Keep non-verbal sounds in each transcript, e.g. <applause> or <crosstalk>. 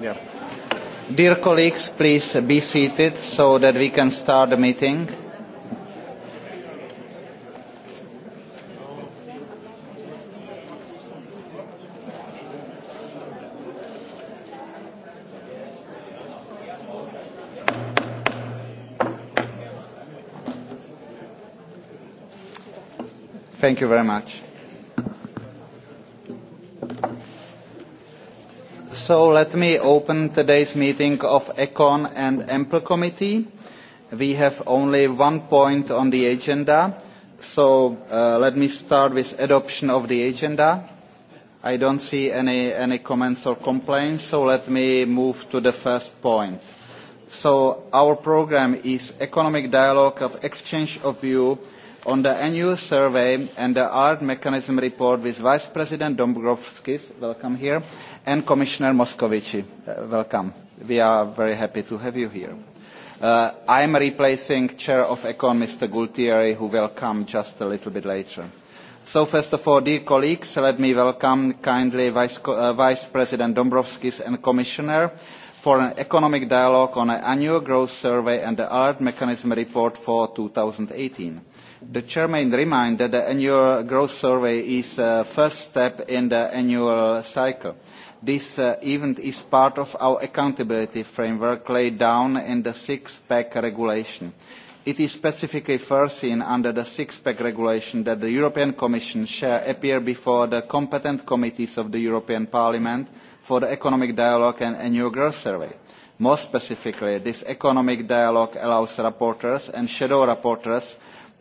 Yeah. Dear colleagues, please be seated so that we can start the meeting. Thank you very much. So let me open today's meeting of Econ and Ample Committee. We have only one point on the agenda, so uh, let me start with adoption of the agenda. I don't see any, any comments or complaints, so let me move to the first point. So our program is economic dialogue of exchange of view on the annual survey and the art mechanism report with Vice President Dombrovskis, welcome here, and Commissioner Moscovici, uh, welcome. We are very happy to have you here. Uh, I am replacing Chair of Econ, Mr. Gultieri, who will come just a little bit later. So first of all, dear colleagues, let me welcome kindly Vice, uh, Vice President Dombrovskis and Commissioner for an economic dialogue on an annual growth survey and the art mechanism report for 2018 the chairman reminded that the annual growth survey is the uh, first step in the annual cycle. This uh, event is part of our accountability framework laid down in the six-pack regulation. It is specifically foreseen under the six-pack regulation that the European Commission shall appear before the competent committees of the European Parliament for the economic dialogue and annual growth survey. More specifically, this economic dialogue allows rapporteurs and shadow rapporteurs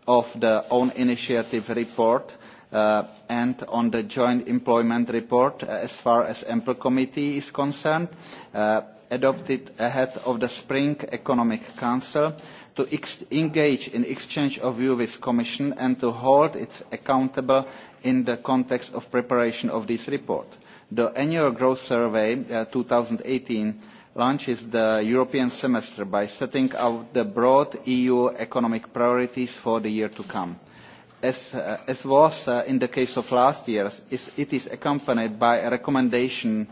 of the own initiative report uh, and on the joint employment report uh, as far as ample committee is concerned uh, adopted ahead of the spring economic council to ex engage in exchange of views with commission and to hold it accountable in the context of preparation of this report the annual growth survey uh, 2018 launches the European semester by setting out the broad EU economic priorities for the year to come. As, uh, as was uh, in the case of last year, is, it is accompanied by a recommendation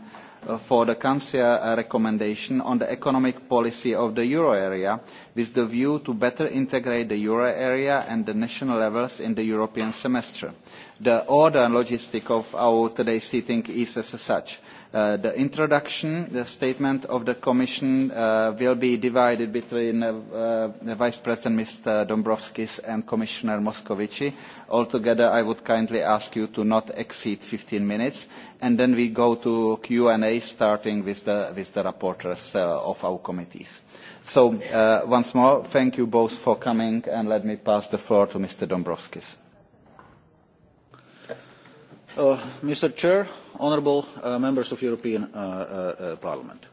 uh, for the Council uh, recommendation on the economic policy of the euro area with the view to better integrate the euro area and the national levels in the European semester. The order and logistic of our today's sitting is as such Uh, the introduction, the statement of the Commission uh, will be divided between uh, uh, Vice President Mr. Dombrovskis and Commissioner Moscovici. Altogether, I would kindly ask you to not exceed 15 minutes, and then we go to Q&A, starting with the, with the rapporteurs uh, of our committees. So, uh, once more, thank you both for coming, and let me pass the floor to Mr. Dombrovskis. Uh, Mr. Chair, honourable uh, members of European uh, uh, uh, Parliament.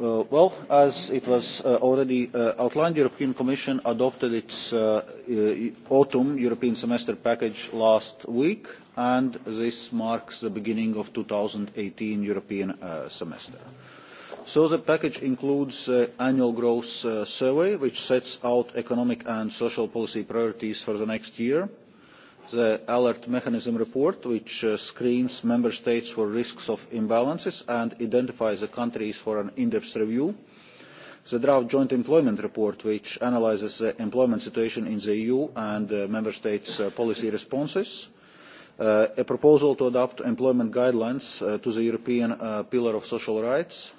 Uh, well, as it was uh, already uh, outlined, the European Commission adopted its uh, uh, autumn European semester package last week, and this marks the beginning of 2018 European uh, semester. So the package includes uh, annual growth uh, survey, which sets out economic and social policy priorities for the next year, uh, the alert mechanism report which uh, screens member states for risks of imbalances and identifies the countries for an in-depth review the draft joint employment report which analyses the employment situation in the eu and uh, member states uh, policy responses uh, a proposal to adopt employment guidelines uh, to the european uh, pillar of social rights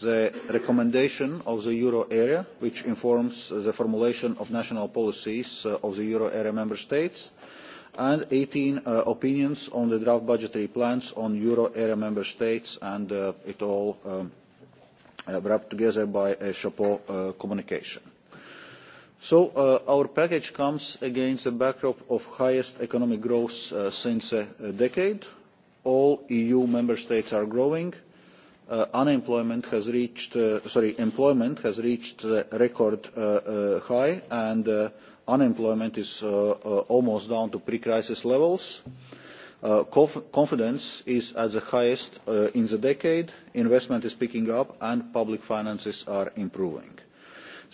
the recommendation of the euro area which informs the formulation of national policies uh, of the euro area member states uh, and 18 uh, opinions on the draft budgetary plans on euro area member states, and uh, it all um, uh, wrapped together by a chapeau uh, communication. So uh, our package comes against a backdrop of highest economic growth uh, since a, a decade. All EU member states are growing. Uh, unemployment has reached, uh, sorry, employment has reached a record uh, uh, high, and uh, unemployment is uh, uh, almost down to pre-crisis levels. Uh, conf confidence is at the highest uh, in the decade, investment is picking up, and public finances are improving.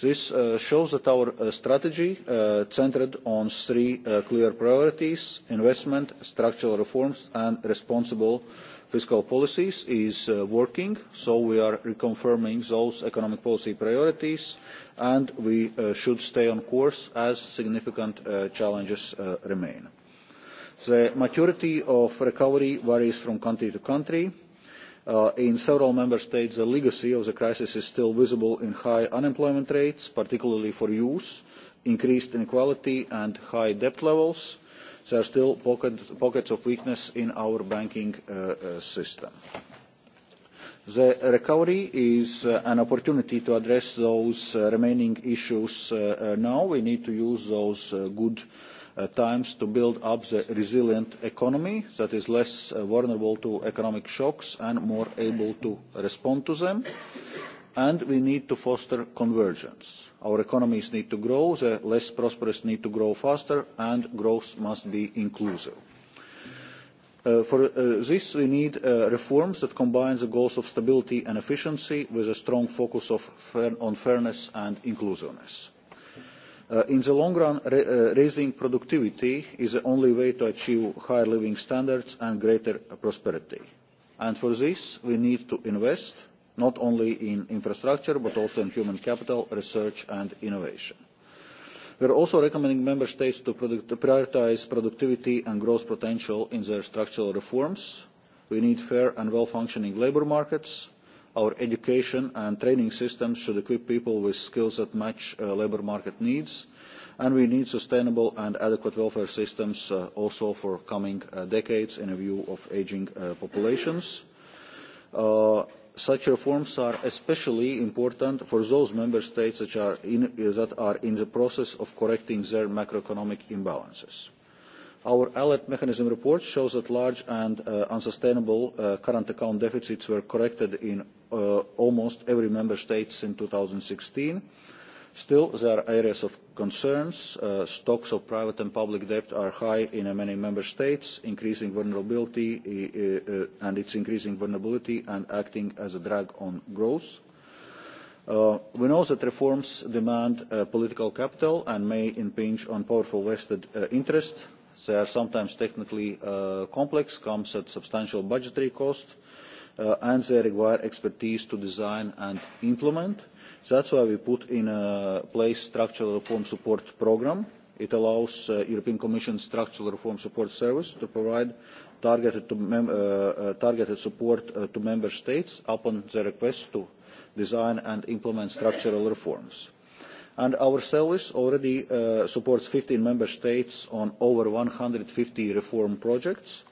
This uh, shows that our uh, strategy, uh, centered on three uh, clear priorities: investment, structural reforms, and responsible uh, fiscal policies is uh, working, so we are reconfirming those economic policy priorities, and we uh, should stay on course as significant uh, challenges uh, remain. The maturity of recovery varies from country to country. Uh, in several member states, the legacy of the crisis is still visible in high unemployment rates, particularly for youth, increased inequality, and high debt levels. Uh, there are still pocket, pockets of weakness in our banking uh, uh, system. The recovery is uh, an opportunity to address those uh, remaining issues uh, uh now. We need to use those good times to build up the resilient economy that is less vulnerable to economic shocks and more able to respond to them. And we need to foster convergence Our economies need to grow, the less prosperous need to grow faster, and growth must be inclusive. Uh, for uh, this, we need uh, reforms that combine the goals of stability and efficiency with a strong focus of fair on fairness and inclusiveness. Uh, in the long run, ra uh, raising productivity is the only way to achieve higher living standards and greater prosperity. And for this, we need to invest – not only in infrastructure, but also in human capital, research, and innovation. We are also recommending member states to, product, to prioritize productivity and growth potential in their structural reforms. We need fair and well-functioning labor markets. Our education and training systems should equip people with skills that match uh, labor market needs, and we need sustainable and adequate welfare systems uh, also for coming uh, decades in view of aging uh, populations. Uh, such reforms are especially important for those member states that are, in, that are in the process of correcting their macroeconomic imbalances. Our alert mechanism report shows that large and uh, unsustainable uh, current account deficits were corrected in uh, almost every member state in 2016 Still, there are areas of concerns. Uh, stocks of private and public debt are high in many member states, increasing vulnerability, uh, uh, and it's increasing vulnerability and acting as a drag on growth. Uh, we know that reforms demand uh, political capital and may impinge on powerful vested uh, interest. They are sometimes technically uh, complex, comes at substantial budgetary cost, uh, and they require expertise to design and implement. Uh, That's why we put in uh, place structural reform support program. It allows uh, European Commission structural reform support service to provide targeted, to mem uh, uh, targeted support uh, to member states upon the request to design and implement structural reforms. And our service already uh, supports 15 member states on over 150 reform projects.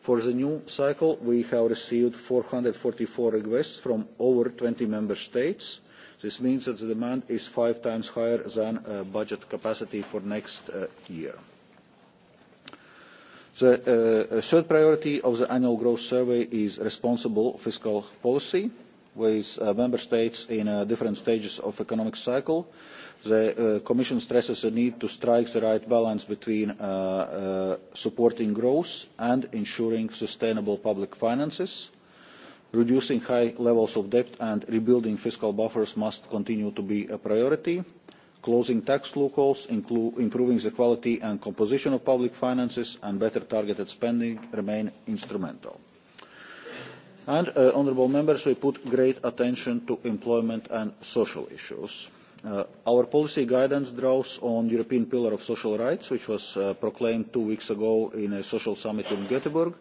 For the new cycle, we have received 444 requests from over 20 member states, uh, This means that the demand is five times higher than uh, budget capacity for next uh, year. The uh, uh third priority of the annual growth survey is responsible fiscal policy, with uh, member states in uh, different stages of economic cycle. The Commission stresses the need to strike the right balance between supporting growth and ensuring sustainable public finances. Reducing high levels of debt and rebuilding fiscal buffers must continue to be a priority. Closing tax loopholes, improving the quality and composition of public finances, and better targeted spending remain instrumental. And, uh, honourable members, we put great attention to employment and social issues. Uh, our policy guidance draws on European Pillar of Social Rights, which was uh, proclaimed two weeks ago in a social summit in Göteborg. Uh,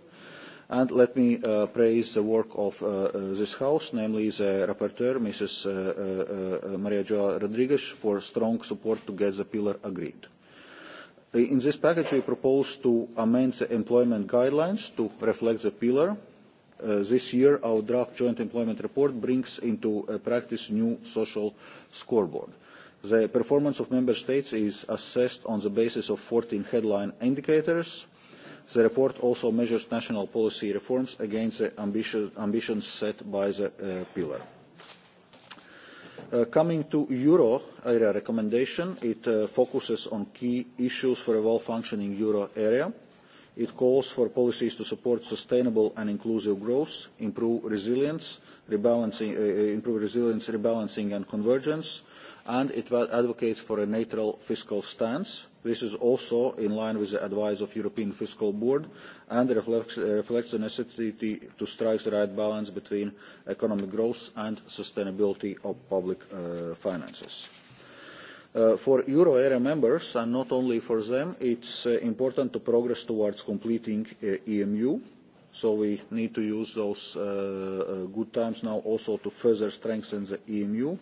And let me uh, praise the work of uh, uh, this House, namely the rapporteur, Mrs. Uh, uh, uh, Maria Joa Rodriguez, for strong support to get the pillar agreed. In this package, we propose to amend the employment guidelines to reflect the pillar. Uh, this year, our draft joint employment report brings into uh, practice new social scoreboard. The performance of member states is assessed on the basis of 14 headline indicators, The report also measures national policy reforms against the ambition, ambitions set by the uh, pillar. Uh, coming to euro area recommendation, it uh, focuses on key issues for a well-functioning euro area. It calls for policies to support sustainable and inclusive growth, improve resilience, rebalancing, uh, uh improve resilience, rebalancing and convergence, and it advocates for a neutral fiscal stance This is also in line with the advice of European Fiscal Board and reflects, uh, reflects the necessity to strike the right balance between economic growth and sustainability of public uh, finances. Uh, for euro area members, and not only for them, it's uh, important to progress towards completing uh, EMU. So we need to use those uh, uh, good times now also to further strengthen the EMU.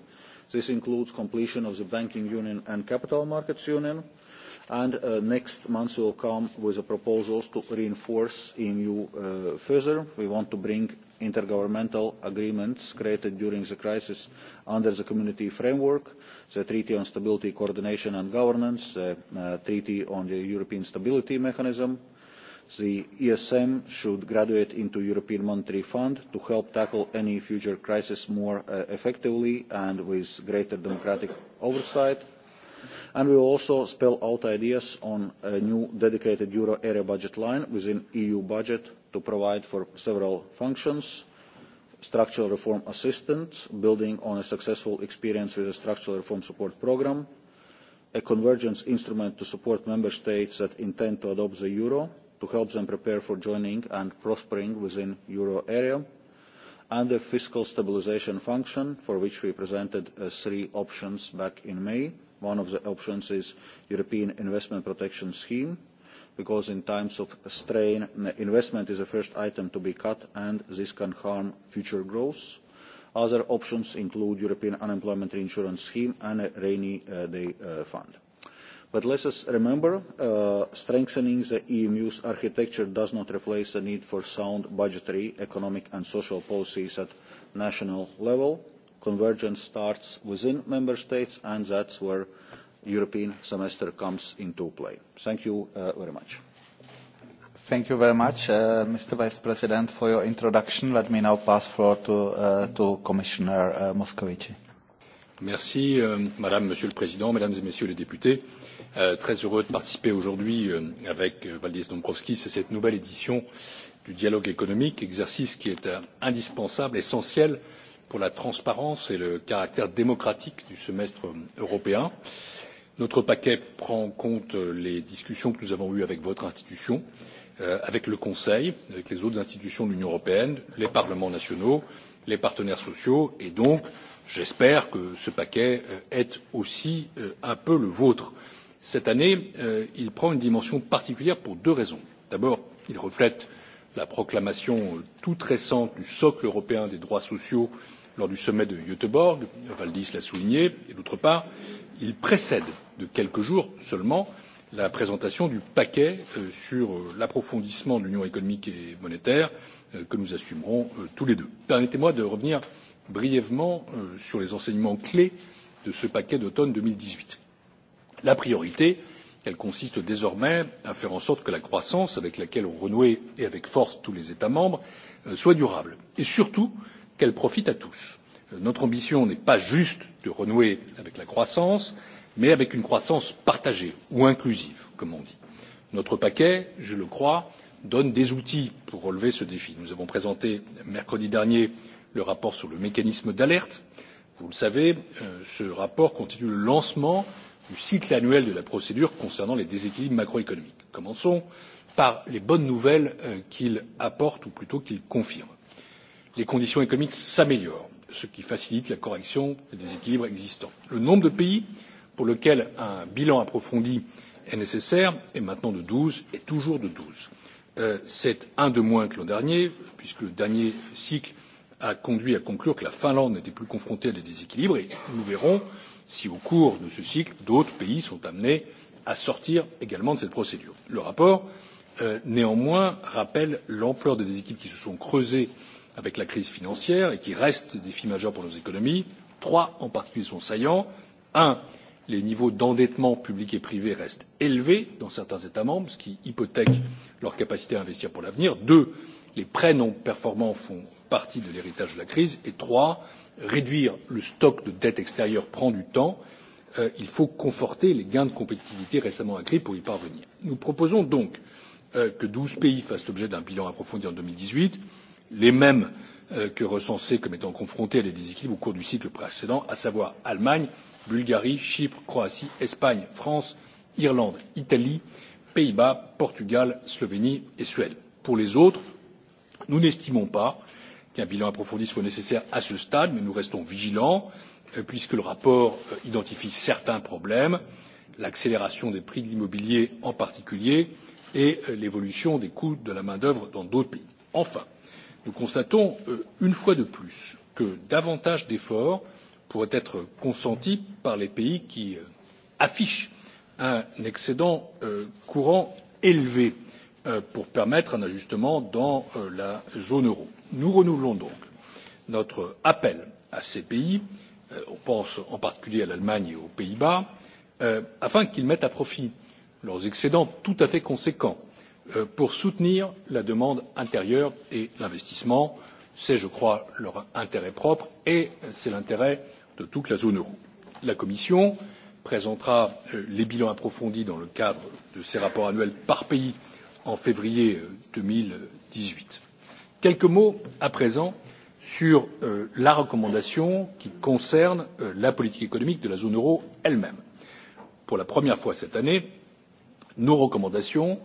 This includes completion of the Banking Union and Capital Markets Union, uh, and uh, next month we will come with proposals to reinforce emu uh, further. we want to bring intergovernmental agreements created during the crisis under the community framework the treaty on stability coordination and governance the uh, treaty on the european stability mechanism the esm should graduate into european monetary fund to help tackle any future crisis more uh, effectively and with greater democratic oversight and we will also spell out ideas on a new dedicated euro area budget line within EU budget to provide for several functions, structural reform assistance, building on a successful experience with the structural reform support programme, a convergence instrument to support member states that intend to adopt the euro to help them prepare for joining and prospering within euro area, and a fiscal stabilisation function for which we presented uh, three options back in May One of the options is European Investment Protection Scheme, because in times of strain, investment is the first item to be cut, and this can harm future growth. Other options include European Unemployment Insurance Scheme and a Rainy uh, Day uh, Fund. But let us remember, uh, strengthening the EMU's architecture does not replace the need for sound budgetary, economic and social policies at national level. Uh, convergence starts within member states, and that's where European semester comes into play. Thank you uh, very much. Thank you very much, uh, Mr. Vice President, for your introduction. Let me now pass floor to, uh, to Commissioner uh, Moscovici. Merci, euh, Madame, Monsieur le Président, Mesdames et Messieurs les députés. Euh, très heureux de participer aujourd'hui euh, avec euh, Valdis Dombrovskis à cette nouvelle édition du dialogue économique, exercice qui est euh, indispensable, essentiel euh, pour la transparence et le caractère démocratique du semestre européen. notre paquet prend en compte les discussions que nous avons eues avec votre institution euh, avec le conseil avec les autres institutions de l'union européenne les parlements nationaux les partenaires sociaux et donc j'espère que ce paquet euh, est aussi euh, un peu le vôtre. cette année il prend une dimension particulière pour deux raisons. d'abord il reflète la proclamation toute récente du socle européen des droits sociaux lors du sommet de göteborg valdis l'a souligné et d'autre part il précède de quelques jours seulement la présentation du paquet euh, sur euh, l'approfondissement de l'union économique et monétaire euh, que nous assumerons tous les deux. permettez moi de revenir brièvement sur les enseignements clés de ce paquet d'automne. deux mille dix huit la priorité consiste désormais à faire en sorte que la croissance avec laquelle ont renoué et avec force tous les états membres soit durable et surtout qu'elle profite à tous. Euh, notre ambition n'est pas juste de renouer avec la croissance mais avec une croissance partagée ou inclusive comme on dit. notre paquet je le crois donne des outils pour relever ce défi. nous avons présenté mercredi dernier le rapport sur le mécanisme d'alerte. vous le savez euh, ce rapport constitue le lancement du cycle annuel de la procédure concernant les déséquilibres macroéconomiques. commençons par les bonnes nouvelles euh, qu'il apporte ou plutôt qu'il confirme les conditions économiques s'améliorent ce qui facilite la correction des déséquilibres existants. le nombre de pays pour lesquels un bilan approfondi est nécessaire est maintenant de douze et toujours de douze. Euh, c'est un de moins que l'an dernier puisque le dernier cycle a conduit à conclure que la finlande n'était plus confrontée à des déséquilibres et nous verrons si au cours de ce cycle d'autres pays sont amenés à sortir également de cette procédure. le rapport euh, néanmoins rappelle l'ampleur des déséquilibres qui se sont creusés avec la crise financière et qui restent des défis majeurs pour nos économies. trois en particulier sont saillants un les niveaux d'endettement public et privé restent élevés dans certains états membres ce qui hypothèque leur capacité à investir pour l'avenir deux les prêts non performants font partie de l'héritage de la crise et trois réduire le stock de dette extérieure prend du temps euh, il faut conforter les gains de compétitivité récemment acquis pour y parvenir. nous proposons donc euh, que douze pays fassent l'objet d'un bilan approfondi en deux mille dix huit les mêmes euh, que recensés comme étant confrontés à des déséquilibres au cours du cycle précédent à savoir allemagne bulgarie chypre croatie espagne france irlande italie pays bas portugal slovénie et suède. pour les autres nous n'estimons pas qu'un bilan approfondi soit nécessaire à ce stade mais nous restons vigilants euh, puisque le rapport euh, identifie certains problèmes l'accélération des prix de l'immobilier en particulier et l'évolution des coûts de la main d'œuvre dans d'autres pays. enfin nous constatons euh, une fois de plus que davantage d'efforts pourraient être consentis par les pays qui euh, affichent un excédent euh, courant élevé pour permettre un ajustement dans la zone euro. nous renouvelons donc notre appel à ces pays on pense en particulier à l'allemagne et aux pays bas afin qu'ils mettent à profit leurs excédents tout à fait conséquents Euh, pour soutenir la demande intérieure et l'investissement c'est je crois leur intérêt propre et c'est l'intérêt de toute la zone euro. la commission présentera euh, les bilans approfondis dans le cadre de ses rapports annuels par pays en février. Euh, deux mille dix huit quelques mots à présent sur la recommandation qui concerne la politique économique de la zone euro elle même. pour la première fois cette année nos recommandations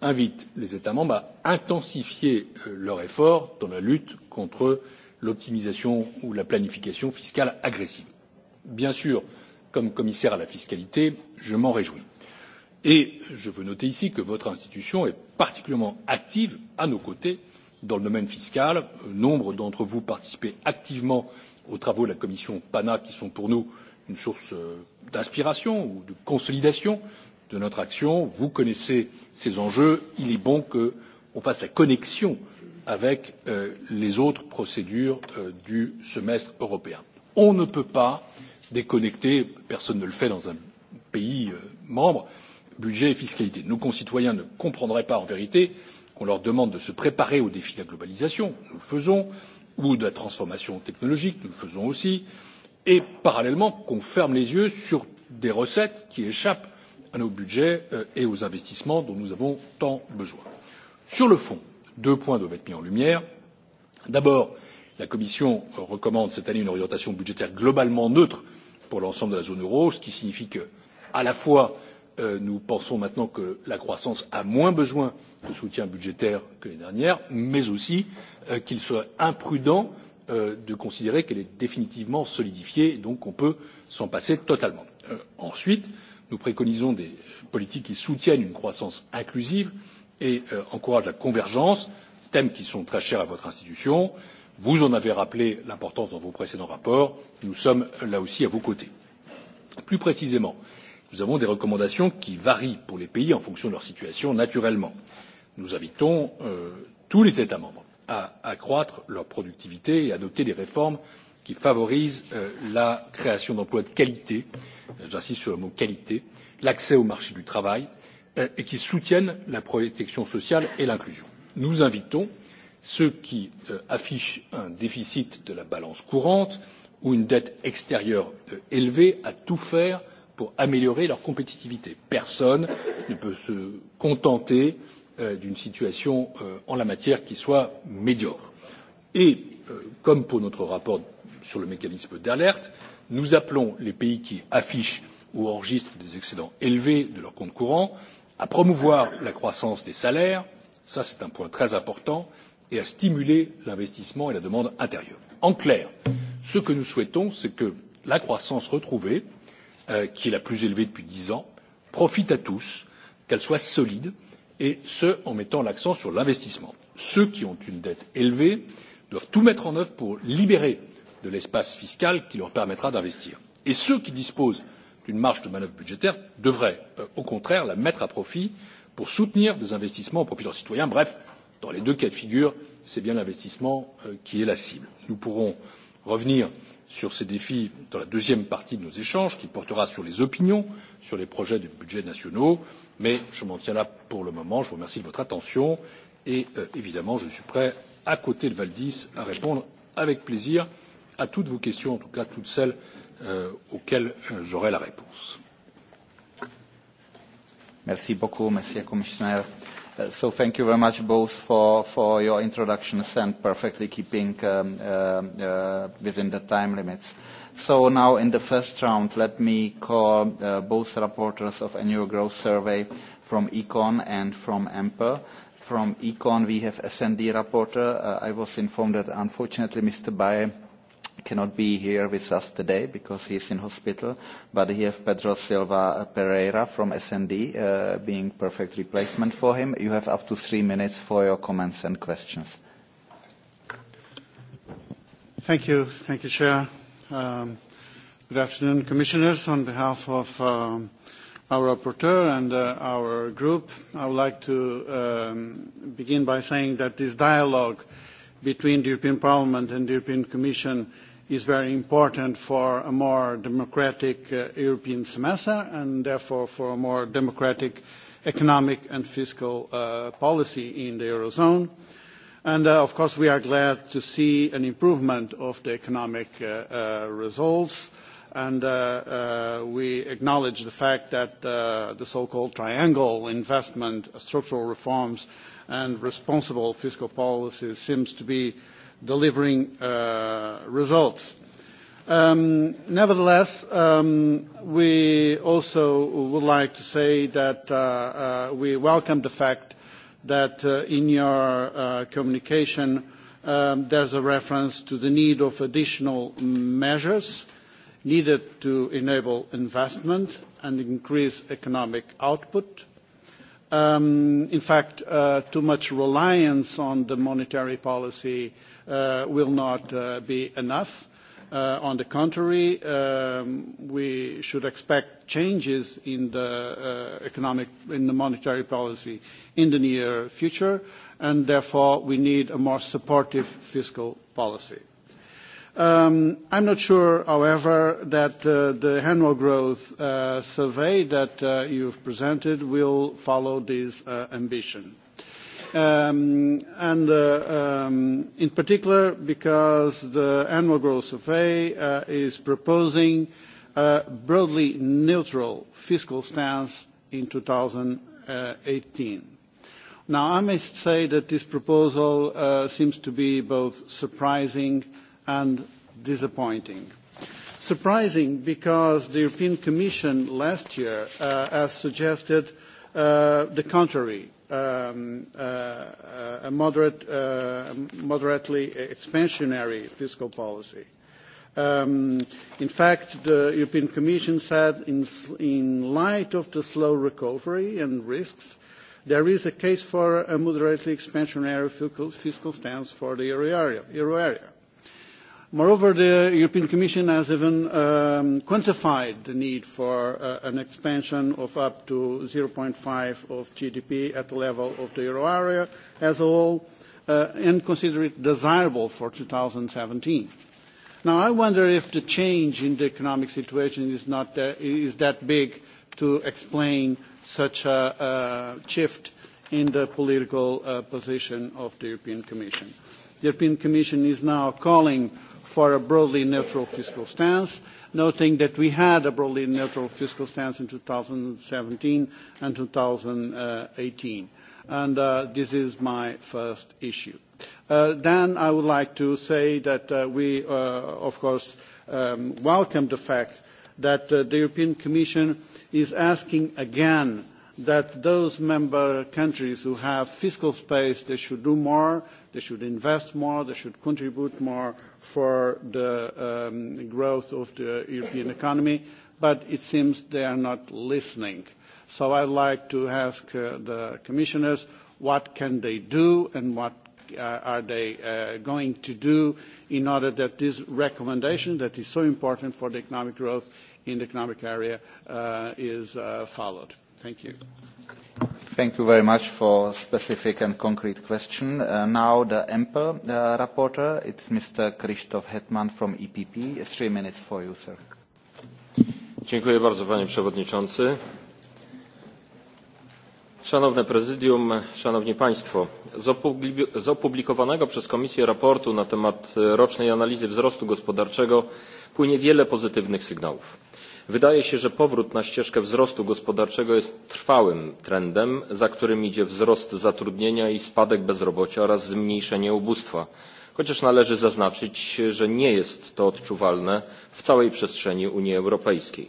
invite les états membres à intensifier euh, leurs efforts dans la lutte contre l'optimisation ou la planification fiscale agressive. bien sûr comme commissaire à la fiscalité je m'en réjouis et je veux noter ici que votre institution est particulièrement active à nos côtés dans le domaine fiscal euh, nombre d'entre vous participez activement aux travaux de la commission pana qui sont pour nous une source euh, d'inspiration ou de consolidation de notre action vous connaissez ces enjeux il est bon que nous fassions la connexion avec euh, les autres procédures euh, du semestre européen. on ne peut pas déconnecter personne ne le fait dans un pays euh, membre budget et fiscalité. nos concitoyens ne comprendraient pas en vérité qu'on leur demande de se préparer aux défis de la globalisation nous le faisons ou de la transformation technologique nous le faisons aussi et parallèlement qu'on ferme les yeux sur des recettes qui échappent à nos budgets euh, et aux investissements dont nous avons tant besoin. sur le fond deux points doivent être mis en lumière d'abord la commission recommande cette année une orientation budgétaire globalement neutre pour l'ensemble de la zone euro ce qui signifie que à la fois euh, nous pensons maintenant que la croissance a moins besoin de soutien budgétaire que l'année dernière mais aussi euh, qu'il serait imprudent de considérer qu'elle est définitivement solidifiée et donc qu'on peut s'en passer totalement. ensuite nous préconisons des politiques qui soutiennent une croissance inclusive et euh, encouragent la convergence thèmes qui sont très chers à votre institution. vous en avez rappelé l'importance dans vos précédents rapports nous sommes euh, là aussi à vos côtés. plus précisément nous avons des recommandations qui varient pour les pays en fonction de leur situation naturellement. nous invitons euh, tous les états membres à accroître leur productivité et à adopter des réformes qui favorisent la création d'emplois de qualité et j'insiste sur le mot qualité l'accès au marché du travail euh, et qui soutiennent la protection sociale et l'inclusion. nous invitons ceux qui euh, affichent un déficit de la balance courante ou une dette extérieure euh, élevée à tout faire pour améliorer leur compétitivité. personne ne peut se contenter d'une situation en la matière qui soit médiocre. et comme pour notre rapport sur le mécanisme d'alerte nous appelons les pays qui affichent ou enregistrent des excédents élevés de leur compte courant à promouvoir la croissance des salaires c'est un point très important et à stimuler l'investissement et la demande intérieure. en clair ce que nous souhaitons c'est que la croissance retrouvée euh, qui est la plus élevée depuis dix ans profite à tous qu'elle soit solide et ce en mettant l'accent sur l'investissement. ceux qui ont une dette élevée doivent tout mettre en œuvre pour libérer de l'espace fiscal qui leur permettra d'investir et ceux qui disposent d'une marge de manœuvre budgétaire devraient euh, au contraire la mettre à profit pour soutenir des investissements au profit de leurs citoyens. bref dans les deux cas de figure c'est bien l'investissement euh, qui est la cible. nous pourrons revenir sur ces défis dans la deuxième partie de nos échanges qui portera sur les opinions sur les projets de budgets nationaux mais je m'en tiens là pour le moment. je vous remercie de votre attention et euh, évidemment je suis prêt à côté de valdis à répondre avec plaisir à toutes vos questions en tout cas toutes celles euh, auxquelles euh, j'aurai la réponse. Merci beaucoup, Monsieur le Commissaire. Uh, so thank you very much both for, for your introductions and perfectly keeping um, uh, uh, within the time limits. So now in the first round, let me call uh, both rapporteurs of annual growth survey from Econ and from EMPER. From Econ, we have SND rapporteur. Uh, I was informed that unfortunately Mr. Bayer cannot be here with us today because he is in hospital, but we have Pedro Silva Pereira from S&D uh, being perfect replacement for him. You have up to three minutes for your comments and questions. Thank you. Thank you, Chair. Um, good afternoon, Commissioners. On behalf of um, our rapporteur and uh, our group, I would like to um, begin by saying that this dialogue between the European Parliament and the European Commission is very important for a more democratic uh, European semester and therefore for a more democratic economic and fiscal uh, policy in the Eurozone. And uh, of course, we are glad to see an improvement of the economic uh, uh, results. And uh, uh, we acknowledge the fact that uh, the so-called triangle investment, structural reforms, and responsible fiscal policies seems to be uh, delivering uh, results. Um, nevertheless, um, we also would like to say that uh, uh, we welcome the fact that uh, in your uh, communication, um, there's a reference to the need of additional measures needed to enable investment and increase economic output. Um, in fact, uh, too much reliance on the monetary policy Uh, will not uh, be enough. Uh, on the contrary, um, we should expect changes in the economic, in the monetary policy in the near future, and therefore, we need a more supportive fiscal policy. Um, I'm not sure, however, that uh, the annual growth uh, survey that uh, you've presented will follow this ambition. Um, and uh, um, in particular because the annual growth survey uh, is proposing a broadly neutral fiscal stance in 2018. Now, I must say that this proposal uh, seems to be both surprising and disappointing. Surprising because the European Commission last year uh, has suggested uh, the contrary, um, uh, a moderate, uh, moderately expansionary fiscal policy. Um, in fact, the European Commission said in, in light of the slow recovery and risks, there is a case for a moderately expansionary fiscal, fiscal stance for the euro area. Euro area. Moreover, the European Commission has even um, quantified the need for uh, an expansion of up to 0.5 of GDP at the level of the euro area as a whole, uh, and consider it desirable for 2017. Now, I wonder if the change in the economic situation is not that, is that big to explain such a, a shift in the political uh, position of the European Commission. The European Commission is now calling for a broadly neutral fiscal stance, noting that we had a broadly neutral fiscal stance in 2017 and 2018. And, uh, this is my first issue. Uh, then I would like to say that uh, we, uh, of course, um, welcome the fact that uh, the European Commission is asking again that those member countries who have fiscal space, they should do more, they should invest more, they should contribute more for the um, growth of the European economy, but it seems they are not listening. So I'd like to ask uh, the commissioners, what can they do and what uh, are they uh, going to do in order that this recommendation that is so important for the economic growth in the economic area uh, is uh, followed? Thank you. Thank you very much for specific and concrete question. Uh, now the EMPEL uh, rapporteur, it's Mr. Krzysztof Hetman from EPP. Three minutes for you, sir. Dziękuję bardzo, panie przewodniczący. Szanowne prezydium, szanowni państwo, z opublikowanego przez Komisję raportu na temat rocznej analizy wzrostu gospodarczego płynie wiele pozytywnych sygnałów wydaje się że powrót na ścieżkę wzrostu gospodarczego jest trwałym trendem za którym idzie wzrost zatrudnienia i spadek bezrobocia oraz zmniejszenie ubóstwa chociaż należy zaznaczyć że nie jest to odczuwalne w całej przestrzeni unii europejskiej.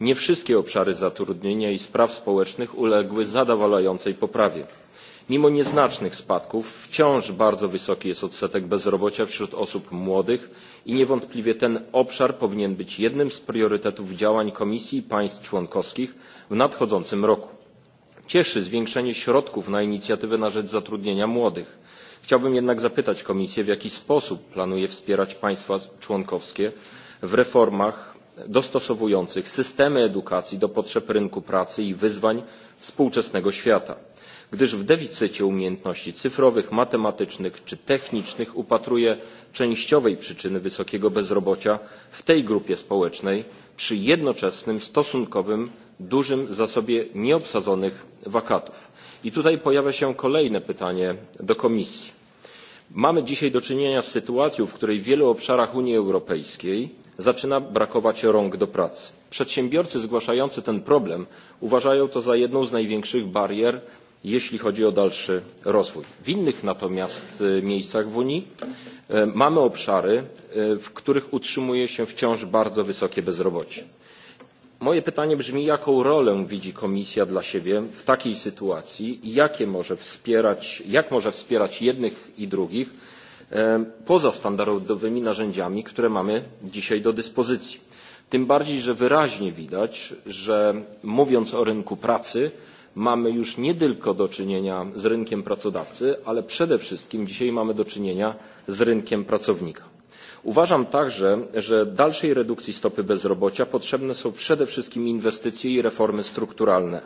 nie wszystkie obszary zatrudnienia i spraw społecznych uległy zadowalającej poprawie mimo nieznacznych spadków wciąż bardzo wysoki jest odsetek bezrobocia wśród osób młodych i niewątpliwie ten obszar powinien być jednym z priorytetów działań komisji i państw członkowskich w nadchodzącym roku. cieszy zwiększenie środków na inicjatywę na rzecz zatrudnienia młodych. chciałbym jednak zapytać komisję w jaki sposób planuje wspierać państwa członkowskie w reformach dostosowujących systemy edukacji do potrzeb rynku pracy i wyzwań współczesnego świata gdyż w deficycie umiejętności cyfrowych matematycznych czy technicznych upatruje częściowej przyczyny wysokiego bezrobocia w tej grupie społecznej przy jednoczesnym stosunkowym dużym zasobie nieobsadzonych wakatów. i tutaj pojawia się kolejne pytanie do komisji mamy dzisiaj do czynienia z sytuacją w której w wielu obszarach unii europejskiej zaczyna brakować rąk do pracy. przedsiębiorcy zgłaszający ten problem uważają to za jedną z największych barier jeśli chodzi o dalszy rozwój. W innych natomiast e, miejscach w Unii e, mamy obszary, e, w których utrzymuje się wciąż bardzo wysokie bezrobocie. Moje pytanie brzmi, jaką rolę widzi Komisja dla siebie w takiej sytuacji i jakie może wspierać, jak może wspierać jednych i drugich poza standardowymi narzędziami, które mamy dzisiaj do dyspozycji. Tym bardziej, że wyraźnie widać, że mówiąc o rynku pracy, mamy już nie tylko do czynienia z rynkiem pracodawcy, ale przede wszystkim dzisiaj mamy do czynienia z rynkiem pracownika. Uważam także, że dalszej redukcji stopy bezrobocia potrzebne są przede wszystkim inwestycje i reformy strukturalne,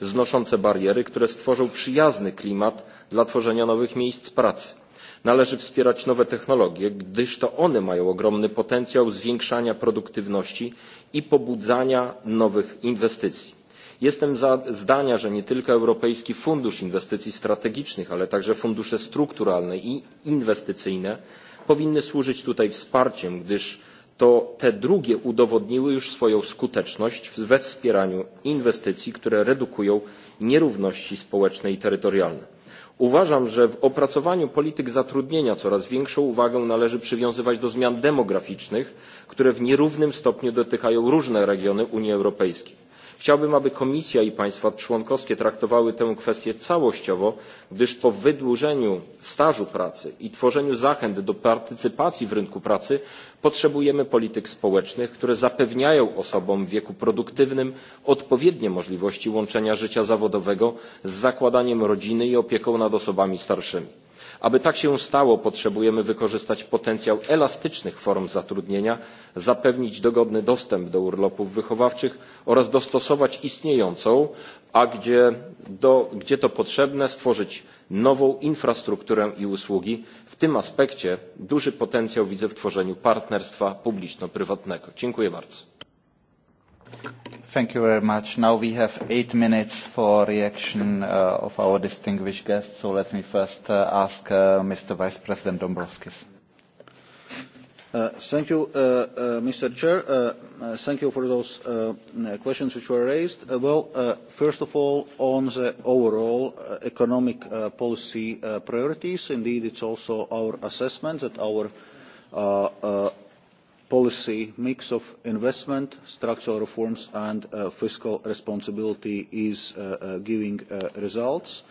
znoszące bariery, które stworzą przyjazny klimat dla tworzenia nowych miejsc pracy. Należy wspierać nowe technologie, gdyż to one mają ogromny potencjał zwiększania produktywności i pobudzania nowych inwestycji jestem zdania że nie tylko europejski fundusz inwestycji strategicznych ale także fundusze strukturalne i inwestycyjne powinny służyć tutaj wsparciem gdyż to te drugie udowodniły już swoją skuteczność we wspieraniu inwestycji które redukują nierówności społeczne i terytorialne. uważam że w opracowaniu polityk zatrudnienia coraz większą uwagę należy przywiązywać do zmian demograficznych które w nierównym stopniu dotykają różne regiony unii europejskiej. Chciałbym, aby Komisja i państwa członkowskie traktowały tę kwestię całościowo, gdyż po wydłużeniu stażu pracy i tworzeniu zachęt do partycypacji w rynku pracy potrzebujemy polityk społecznych, które zapewniają osobom w wieku produktywnym odpowiednie możliwości łączenia życia zawodowego z zakładaniem rodziny i opieką nad osobami starszymi aby tak się stało potrzebujemy wykorzystać potencjał elastycznych form zatrudnienia zapewnić dogodny dostęp do urlopów wychowawczych oraz dostosować istniejącą a gdzie to potrzebne stworzyć nową infrastrukturę i usługi. w tym aspekcie duży potencjał widzę w tworzeniu partnerstwa publiczno prywatnego. dziękuję bardzo. Thank you very much. Now we have eight minutes for reaction uh, of our distinguished guests. So let me first uh, ask uh, Mr. Vice President Dombrovskis. Uh, thank you, uh, uh, Mr. Chair. Uh, uh, thank you for those uh, questions which were raised. Uh, well, uh, first of all, on the overall uh, economic uh, policy uh, priorities, indeed, it's also our assessment that our uh, uh, policy mix of investment, structural reforms and uh, fiscal responsibility is uh, uh, giving uh, results.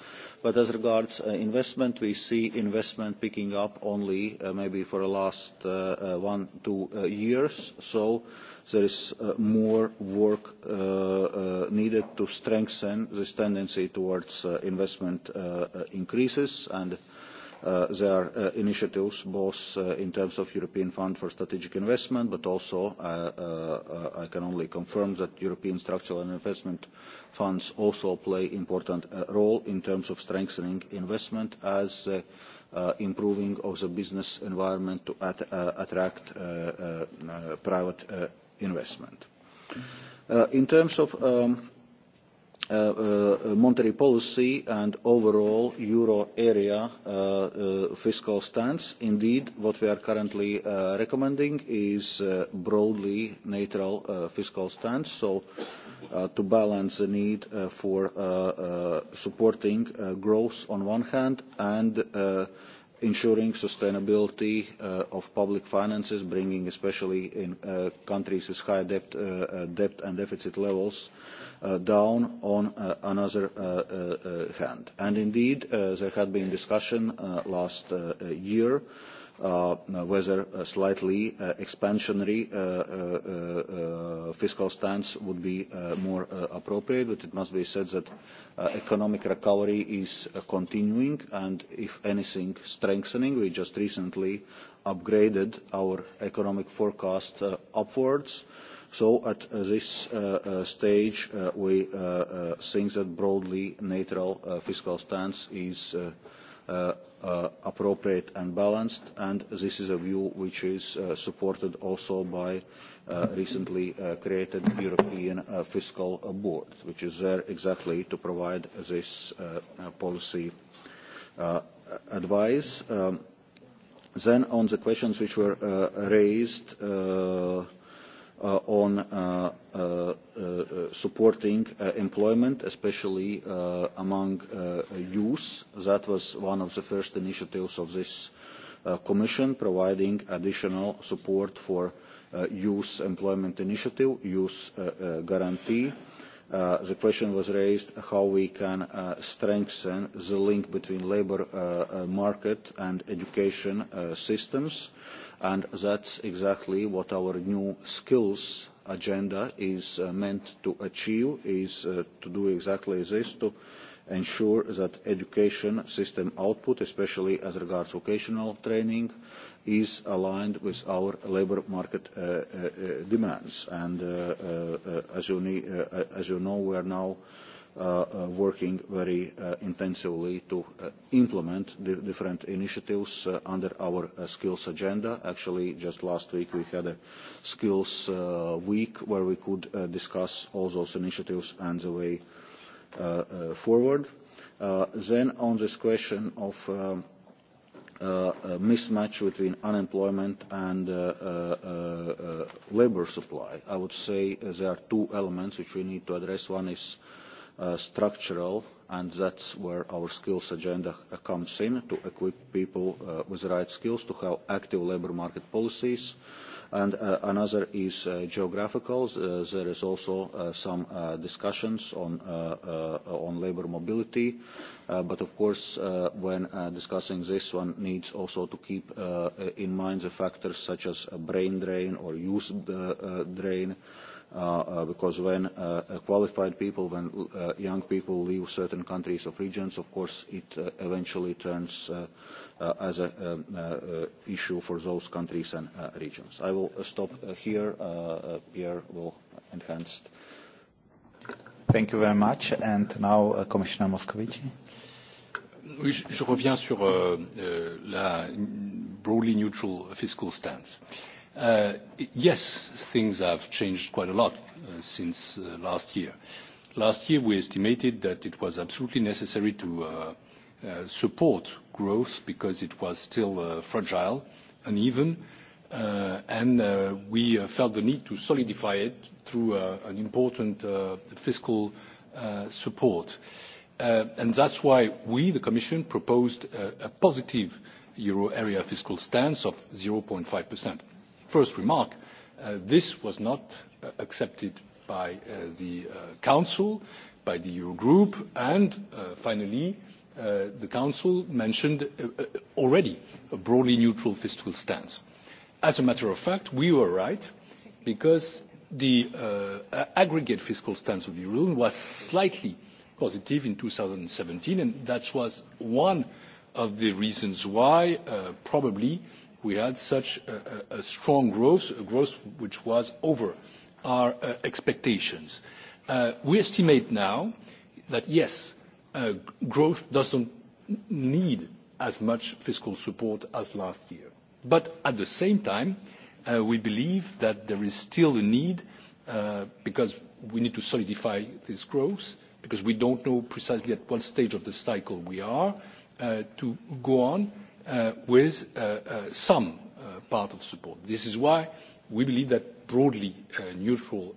But as regards uh, investment, we see investment picking up only uh, maybe for the last uh, uh, one, two uh, years. So there is uh, more work uh, uh, needed to strengthen this tendency towards uh, investment uh, uh, increases and uh, uh, their uh, initiatives, both uh, in terms of European Fund for Strategic Investment, but also uh, uh, uh, I can only confirm that European structural and investment funds also play important uh, role in terms of strengthening investment as uh, uh, improving of the business environment to at, uh, attract uh, uh, uh private uh, investment. Uh, in terms of um, Uh, uh, uh, monetary policy and overall euro area uh, uh, fiscal stance. Indeed, what we are currently uh, recommending is uh, broadly neutral uh, fiscal stance, so uh, to balance the need uh, for uh, uh, supporting uh, growth on one hand and uh, ensuring sustainability uh, of public finances, bringing especially in uh, countries with high debt, uh, uh, debt and deficit levels uh, uh, down on uh, another uh, uh, uh, hand. And indeed, uh, there had been discussion uh, last uh, year uh, whether a uh, slightly uh, expansionary uh, uh, uh, fiscal stance would be uh, more uh, appropriate, but it must be said that uh, economic recovery is uh, continuing and, if anything, strengthening. We just recently upgraded our economic forecast uh, upwards. Uh, So at uh, this uh, uh, stage, we think that broadly neutral fiscal stance is appropriate and balanced, and this is a view which is supported also by recently created European Fiscal Board, which is there exactly to provide this policy advice. Um, then on the questions which were raised, uh, on uh, uh, uh, supporting uh, employment, especially uh, among uh, youth. That was one of the first initiatives of this uh, Commission, providing additional support for uh, youth employment initiative, youth uh, uh, guarantee. Uh, the question was raised how we can uh, strengthen the link between labor uh, uh, market and education uh, systems. Uh, and that's exactly what our new skills agenda is uh, meant to achieve is uh, to do exactly this to ensure that education system output especially as regards vocational training is aligned with our labor market uh, uh, uh demands and uh, uh, uh as you, need, uh, uh, as you know we are now uh, uh, uh, working very uh, intensively to uh, implement the different initiatives uh, under our uh, skills agenda. Actually, just last week we had a skills uh, week where we could uh, discuss all those initiatives and the way uh, uh, forward. Uh, then on this question of um, uh, a uh, mismatch between unemployment and uh, uh, uh, uh, labor supply. I would say uh, there are two elements which we need to address. One is uh, uh, structural, and that's where our skills agenda uh, comes in, to equip people uh, with the right skills to have active labor market policies. And uh, another is uh, geographical. Uh, there is also uh, some uh, discussions on, uh, uh, on labor mobility. Uh, but of course, uh, when uh, discussing this, one needs also to keep uh, in mind the factors such as brain drain or youth uh, uh, drain, uh, uh, uh, because when uh, qualified people, when uh, young people leave certain countries or regions, of course, it uh, eventually turns uh, uh, as an um, uh, uh, issue for those countries and uh, regions. I will uh, stop uh, here. Uh, uh, Pierre will enhance. Thank you very much. And now, uh, Commissioner Moscovici. Oui, je, je reviens sur euh, euh, la broadly neutral fiscal stance. Euh, Uh, yes, things have changed quite a lot uh, since uh, last year. Last year, we estimated that it was absolutely necessary to uh, uh, support growth because it was still uh, fragile, uneven, and we felt the need to solidify it through an important fiscal support. That's why we, the Commission, proposed a, a positive euro area fiscal stance of 0.5% first remark uh, this was not uh, accepted by uh, the council by the eurogroup and finally the council mentioned already a broadly neutral fiscal stance. as a matter of fact we were right because the aggregate fiscal stance of the eurozone was slightly positive in two thousand and seventeen and that was one of the reasons why probably we had such a, a strong growth, a growth which was over our uh, expectations. Uh, we estimate now that, yes, uh, growth doesn't need as much fiscal support as last year. But at the same time, uh, we believe that there is still a need, uh, because we need to solidify this growth, because we don't know precisely at what stage of the cycle we are, uh, to go on Uh, with uh, uh, some part of support. this is why we believe that a broadly neutral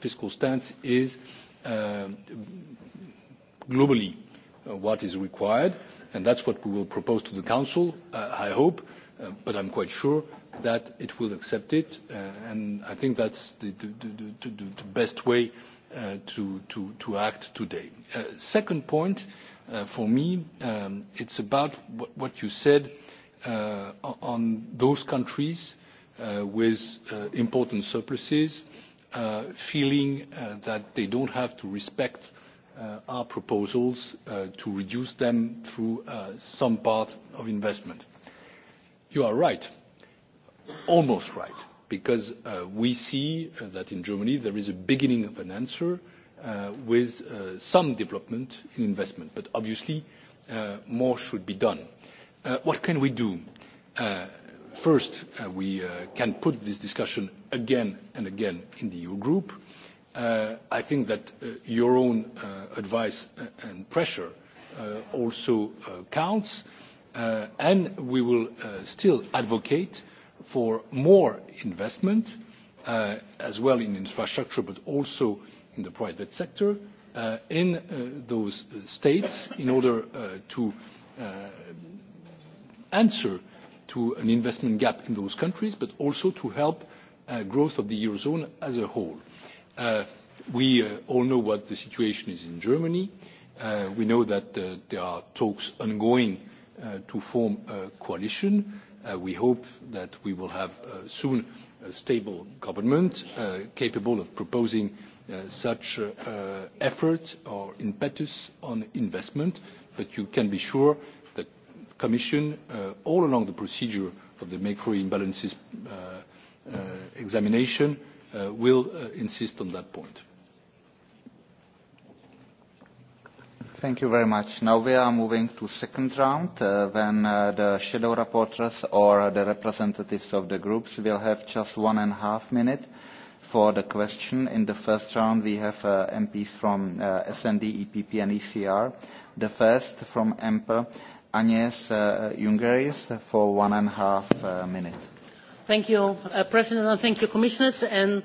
fiscal stance is um, globally what is required and that is what we will propose to the council i hope but i am quite sure that it will accept it and i think that is the best way to act today. the second point uh, for me, um, it's about wh what you said uh, on those countries uh, with uh, important surpluses uh, feeling uh, that they don't have to respect uh, our proposals uh, to reduce them through uh, some part of investment. You are right, almost right, because uh, we see uh, that in Germany there is a beginning of an answer uh, Uh, with uh, some development in investment. But obviously, uh, more should be done. What can we do? First, we can put this discussion again and again in the Eurogroup. I think that your own advice and pressure also counts, and we will still advocate for more investment as well in infrastructure, but also in the private sector uh, in uh, those uh, states in order uh, to uh, answer to an investment gap in those countries, but also to help uh, growth of the Eurozone as a whole. We all know what the situation is in Germany. We know that there are talks ongoing to form a coalition. We hope that we will have soon a stable government capable of proposing Uh, such uh, uh, effort or impetus on investment but you can be sure that the commission all along the procedure of the macro imbalances examination will insist on that point. Thank you very much. Now we are moving to second round, uh, when uh, the shadow rapporteurs or the representatives of the groups will have just one and a half minute. Uh, for the question. In the first round, we have uh, MPs from uh, SND, EPP, and ECR. The first from EMPL, Agnes uh, Jungerius, for one and a half uh, minute. Thank you, uh, President, and thank you, Commissioners. And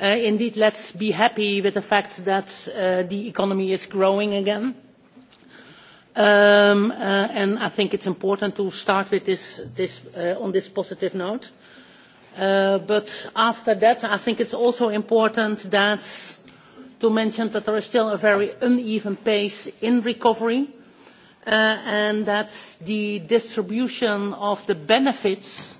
uh, indeed, let's be happy with the fact that uh, the economy is growing again. Um, uh, and I think it's important to start with this, this, uh, on this positive note. Uh, Uh, but after that, I think it's also important that to mention that there is still a very uneven pace in recovery, uh, and that the distribution of the benefits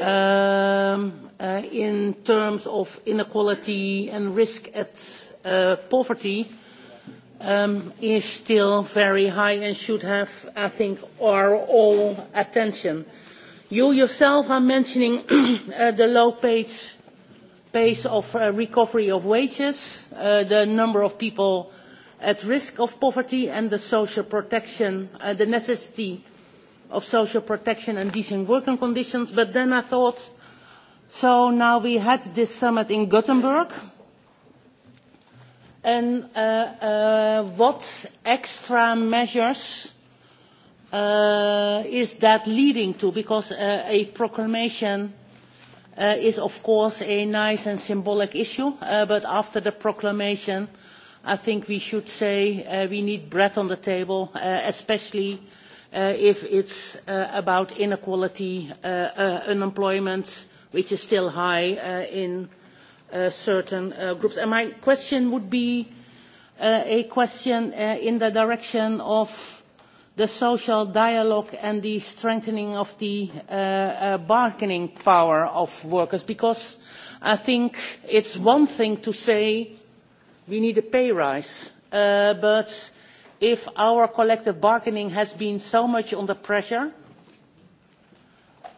um, uh, in terms of inequality and risk at uh, poverty um, is still very high and should have, I think, our all attention. Uh, You yourself are mentioning <clears throat> uh, the low pace, pace of uh, recovery of wages, uh, the number of people at risk of poverty and the social protection, uh, the necessity of social protection and decent working conditions. But then I thought, so now we had this summit in Gothenburg. And uh, uh, what extra measures uh, is that leading to? Because uh, a proclamation uh, is, of course, a nice and symbolic issue, uh, but after the proclamation, I think we should say uh, we need bread on the table, uh, especially uh, if it's uh, about inequality, uh, uh, unemployment, which is still high uh, in uh, certain uh, groups. And my question would be uh, a question uh, in the direction of the social dialogue and the strengthening of the uh, uh, bargaining power of workers because I think it's one thing to say we need a pay rise, uh, but if our collective bargaining has been so much under pressure,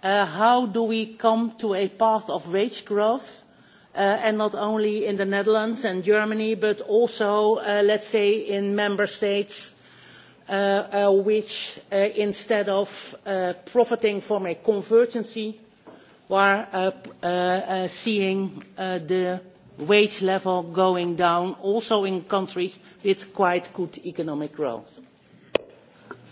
uh, how do we come to a path of wage growth? Uh, and not only in the Netherlands and Germany, but also, uh, let's say, in member states uh, uh, which uh, instead of uh, profiting from a convergency were uh, uh, uh, seeing uh, the wage level going down also in countries with quite good economic growth.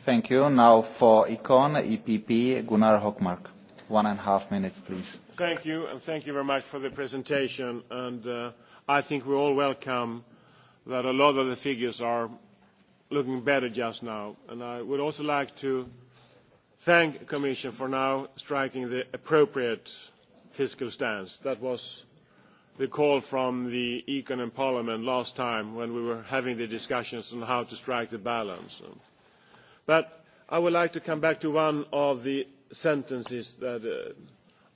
Thank you. Now for Econ, EPP, Gunnar Hökmark. One and a half minutes, please. Thank you, and thank you very much for the presentation. And, uh, I think we all welcome that a lot of the figures are looking better just now. And I would also like to thank Commission for now striking the appropriate fiscal stance. That was the call from the Econ and Parliament last time when we were having the discussions on how to strike the balance. But I would like to come back to one of the sentences that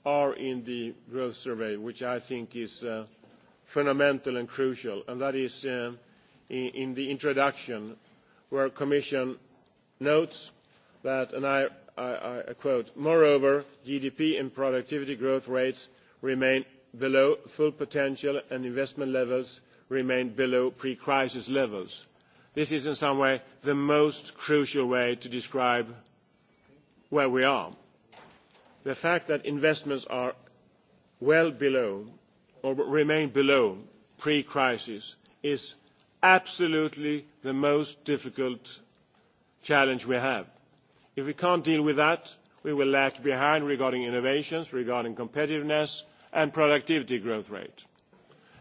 uh, are in the growth survey, which I think is uh, fundamental and crucial, and that is uh, in, in the introduction where Commission notes that, and I, I, I quote, "Moreover, GDP and productivity growth rates remain below full potential, and investment levels remain below pre-crisis levels." This is in some way the most crucial way to describe where we are. The fact that investments are well below or remain below pre-crisis is absolutely the most difficult challenge we have. If we can't deal with that, we will lag behind regarding innovations, regarding competitiveness, and productivity growth rate.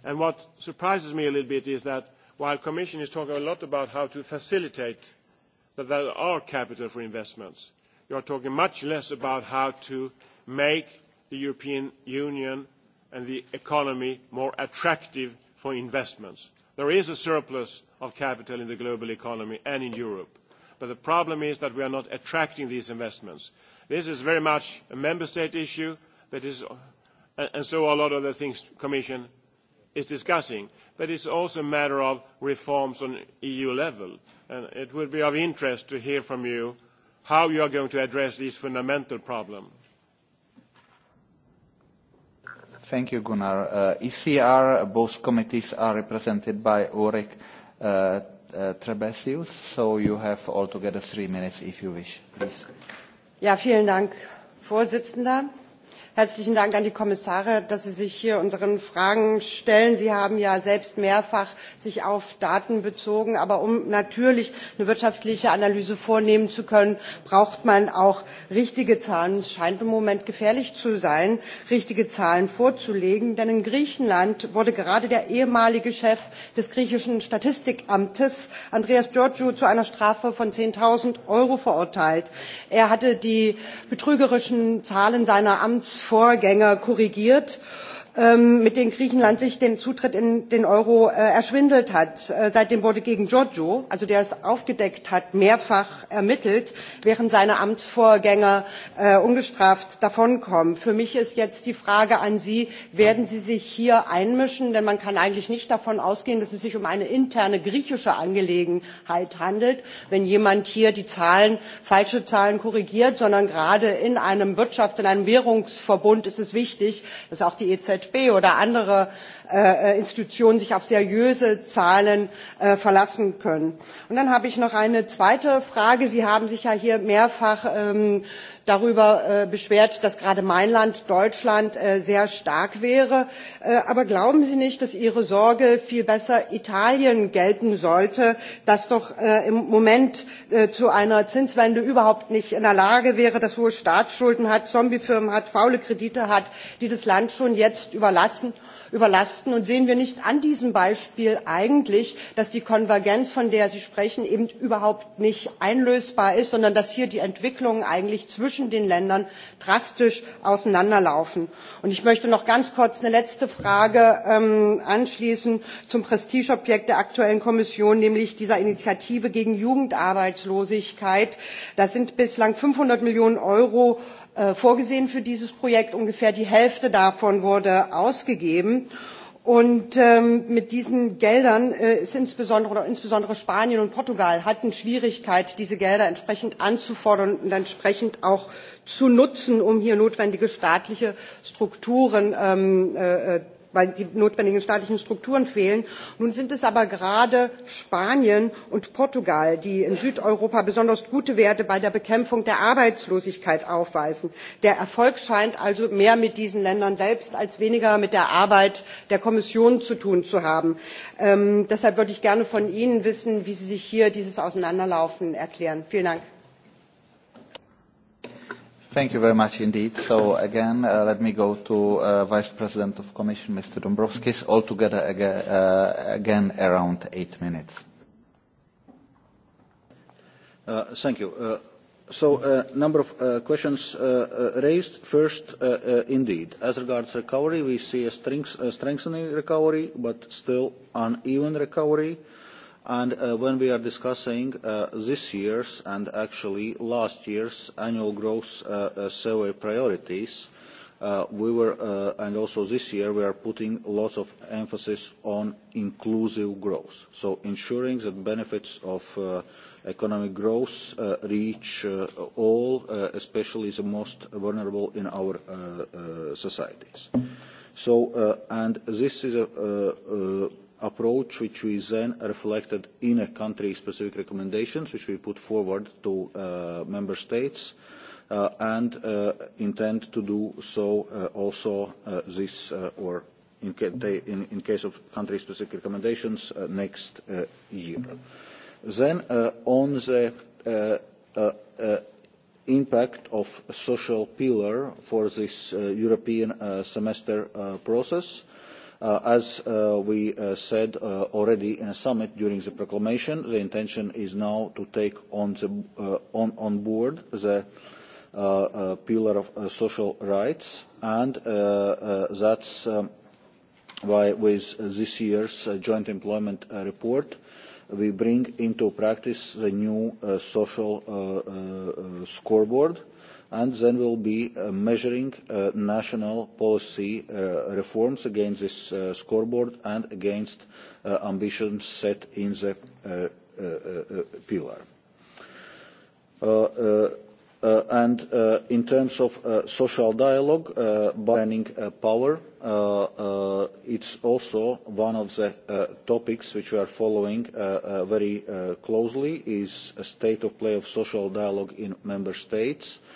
And what surprises me a little bit is that while Commission is talking a lot about how to facilitate that there are capital for investments, you are talking much less about how to make the European Union and the economy more attractive for investments There is a surplus of capital in the global economy and in Europe, but the problem is that we are not attracting these investments. This is very much a member state issue, that is, and so a lot of the things Commission is discussing, but it's also a matter of reforms on EU level. And it would be of interest to hear from you how you are going to address this fundamental problem. Thank you, Gunnar. Uh, ECR, both committees are represented by Ulrich uh, uh, Trebesius, so you have altogether three minutes if you wish, please. Ja, vielen Dank, Vorsitzender herzlichen dank an die kommissare dass sie sich hier unseren fragen stellen. sie haben sich ja selbst mehrfach auf daten bezogen aber um natürlich eine wirtschaftliche analyse vornehmen zu können braucht man auch richtige zahlen. es scheint im moment gefährlich zu sein richtige zahlen vorzulegen denn in griechenland wurde gerade der ehemalige chef des griechischen statistikamtes andreas georgiou zu einer strafe von zehn null euro verurteilt. er hatte die betrügerischen zahlen seiner vorgänger korrigiert. Ähm, mit denen Griechenland sich den Zutritt in den Euro äh, erschwindelt hat. Äh, seitdem wurde gegen Giorgio, also der es aufgedeckt hat, mehrfach ermittelt, während seine Amtsvorgänger äh, ungestraft davonkommen. Für mich ist jetzt die Frage an Sie, werden Sie sich hier einmischen? Denn man kann eigentlich nicht davon ausgehen, dass es sich um eine interne griechische Angelegenheit handelt, wenn jemand hier die Zahlen, falsche Zahlen korrigiert, sondern gerade in einem Wirtschafts-, in einem Währungsverbund ist es wichtig, dass auch die EZB ezb oder andere äh, institutionen sich auf seriöse zahlen äh, verlassen können. und dann habe ich noch eine zweite frage sie haben sich ja hier mehrfach ähm, darüber äh, beschwert dass gerade mein land deutschland äh, sehr stark wäre. Äh, aber glauben sie nicht dass ihre sorge viel besser italien gelten sollte das doch im moment zu einer zinswende überhaupt nicht in der lage wäre das hohe staatsschulden hat zombiefirmen hat faule kredite hat die das land schon jetzt überlasten? überlasten. Und sehen wir nicht an diesem Beispiel eigentlich, dass die Konvergenz, von der Sie sprechen, eben überhaupt nicht einlösbar ist, sondern dass hier die Entwicklungen eigentlich zwischen den Ländern drastisch auseinanderlaufen? Und ich möchte noch ganz kurz eine letzte Frage ähm, anschließen zum Prestigeobjekt der aktuellen Kommission, nämlich dieser Initiative gegen Jugendarbeitslosigkeit. Das sind bislang 500 Millionen Euro Äh, vorgesehen für dieses Projekt. Ungefähr die Hälfte davon wurde ausgegeben. Und ähm, mit diesen Geldern äh, ist insbesondere, oder insbesondere Spanien und Portugal hatten Schwierigkeit, diese Gelder entsprechend anzufordern und entsprechend auch zu nutzen, um hier notwendige staatliche Strukturen ähm, äh, äh weil die notwendigen staatlichen Strukturen fehlen. Nun sind es aber gerade Spanien und Portugal, die in Südeuropa besonders gute Werte bei der Bekämpfung der Arbeitslosigkeit aufweisen. Der Erfolg scheint also mehr mit diesen Ländern selbst als weniger mit der Arbeit der Kommission zu tun zu haben. Ähm, deshalb würde ich gerne von Ihnen wissen, wie Sie sich hier dieses Auseinanderlaufen erklären. Vielen Dank. Thank you very much indeed. So again, uh, let me go to uh, Vice President of Commission, Mr. Dombrovskis, altogether ag uh, again around eight minutes. Uh, thank you. Uh, so a uh, number of uh, questions uh, uh, raised. First, uh, uh, indeed, as regards recovery, we see a strength, uh, strengthening recovery, but still uneven recovery. Uh, And uh, when we are discussing uh, this year's and actually last year's annual growth uh, uh, survey priorities, uh, we were, uh, and also this year, we are putting lots of emphasis on inclusive growth. So ensuring that benefits of uh, economic growth uh, reach uh, all, uh, especially the most vulnerable in our uh, uh, societies. So, uh, and this is a uh, uh, approach which we then reflected in a country-specific recommendations which we put forward to uh, member states uh, and uh, intend to do so uh, also uh, this uh, or in, ca in, in case of country-specific recommendations uh, next uh, year. Then uh, on the uh, uh, uh, impact of social pillar for this uh, European uh, semester uh, process, uh, Uh, as uh, we uh, said uh, already in a summit during the proclamation, the intention is now to take on, the, uh, on, on board the uh, uh, pillar of uh, social rights, and uh, uh, that's um, why with this year's uh, joint employment uh, report, we bring into practice the new uh, social uh, uh, scoreboard, uh, and then we'll be uh, measuring uh, national policy uh, reforms against this uh, scoreboard and against uh, ambitions set in the uh, uh, uh, uh pillar. Uh, uh, uh, and uh, in terms of uh, social dialogue, uh, banning uh, power, uh, uh, it's also one of the uh, topics which we are following uh, uh, very uh, closely is a state of play of social dialogue in member states. Uh,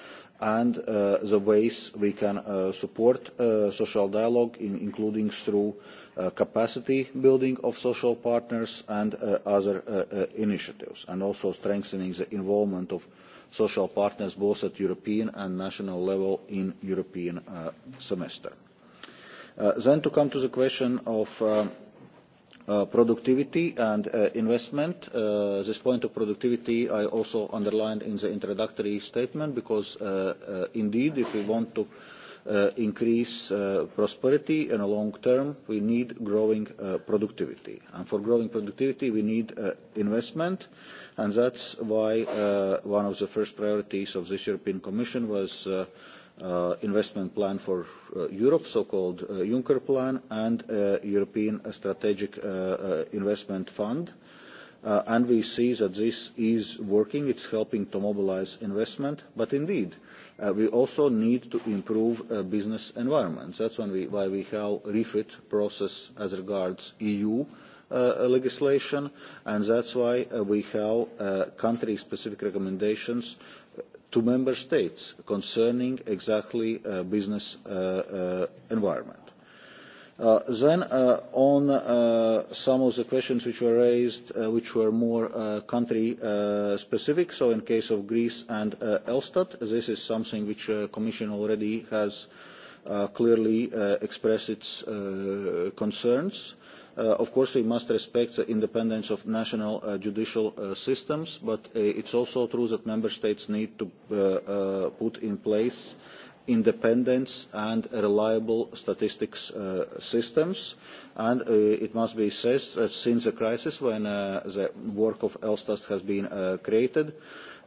and uh, the ways we can uh, support uh, social dialogue, in, including through uh, capacity building of social partners and uh, other uh, uh, initiatives, and also strengthening the involvement of social partners both at European and national level in European uh, semester. Uh, then to come to the question of uh, Uh, productivity and uh, investment. Uh, this point of productivity I also underlined in the introductory statement because uh, uh, indeed, if we want to uh, increase prosperity in the long term, we need growing productivity. And for growing productivity, we need investment, and that's why one of the first priorities of this European Commission was uh, investment plan for uh, Europe, so-called uh, Juncker plan, and uh, European Strategic uh, uh, Investment Fund. Uh, and we see that this is working. It's helping to mobilize investment. But indeed, uh, we also need to improve uh, business environments. That's when we, why we have refit process as regards EU Uh, legislation, and that's why uh, we have uh, country-specific recommendations to member states concerning exactly uh, business uh, uh, environment. Uh, then uh, on uh, some of the questions which were raised, uh, which were more uh, country uh, specific, so in case of Greece and uh, Elstat, this is something which uh, Commission already has uh, clearly uh, expressed its uh, concerns. Uh, Uh, of course, we must respect the independence of national uh, judicial uh, systems, but uh, it's also true that member states need to uh, uh, put in place independence and reliable statistics uh, systems. And uh, it must be said that since the crisis when uh, the work of ELSTAS has been uh, created, uh,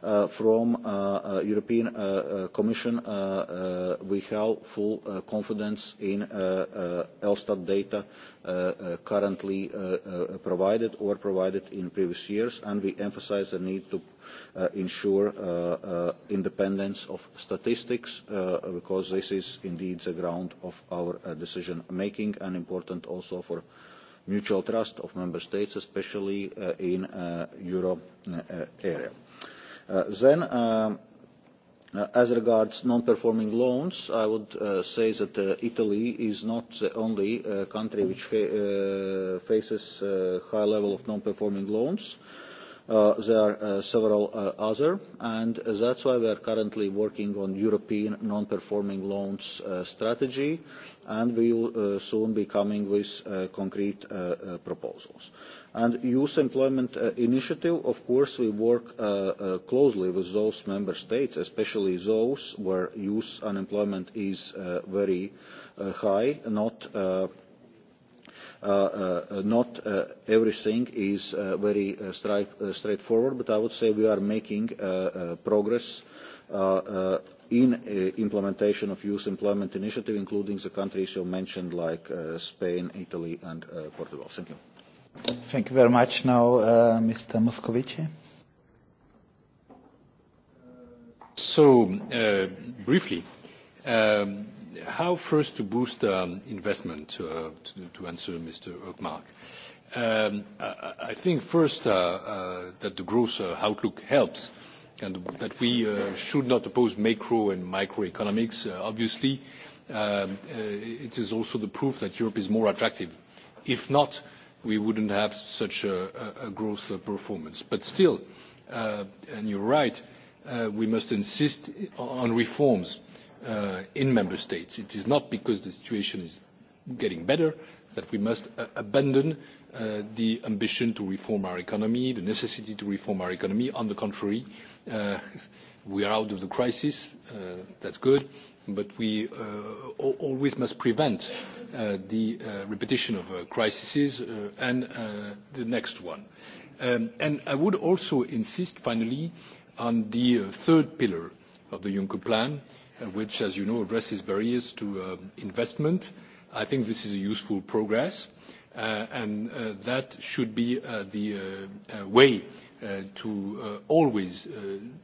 uh, from uh, uh, European uh, uh, Commission, uh, uh, we have full uh, confidence in uh, uh, Elstat data uh, uh, currently uh, uh, provided or provided in previous years, and we emphasize the need to uh, ensure uh, uh, independence of statistics uh, because this is indeed the ground of our uh, decision making and important also for mutual trust of member states, especially uh, in uh, euro uh, area. Uh, Uh, then, um, Uh, as regards non-performing loans, I would uh, say that uh, Italy is not the only uh, country which uh, faces a high level of non-performing loans. Uh, there are uh, several uh, other, and that's why we are currently working on European non-performing loans uh, strategy, and we will uh, soon be coming with uh, concrete uh, uh, proposals. And youth employment uh, initiative, of course, we work uh, uh, closely with those member states, especially those where youth unemployment is uh, very uh, high, not uh, Uh, uh, not uh, everything is uh, very uh, stri- uh, straightforward, but I would say we are making uh, uh, progress uh, uh, in uh, implementation of youth employment initiative, including the countries you mentioned, like uh, Spain, Italy, and uh, Portugal. Thank you. Thank you very much. Now, uh, Mr. Moscovici. So, uh, briefly, um, How first to boost um, investment, to, uh, to answer Mr. Hökmark. Um, I, I think first uh, uh, that the growth outlook helps, and that we should not oppose macro and microeconomics, obviously. Um, it is also the proof that Europe is more attractive. If not, we wouldn't have such a, a growth performance. But still, uh, and you're right, uh, we must insist on reforms uh, in member states. It is not because the situation is getting better that we must uh, abandon uh, the ambition to reform our economy, the necessity to reform our economy. On the contrary, uh, we are out of the crisis. Uh, that's good. But we uh, always must prevent uh, the uh, repetition of uh, crises uh, and uh, the next one. Um, and I would also insist, finally, on the uh, third pillar of the Juncker Plan, uh, Uh, which, as you know, addresses barriers to um, investment. I think this is a useful progress, uh, and uh, that should be the way to always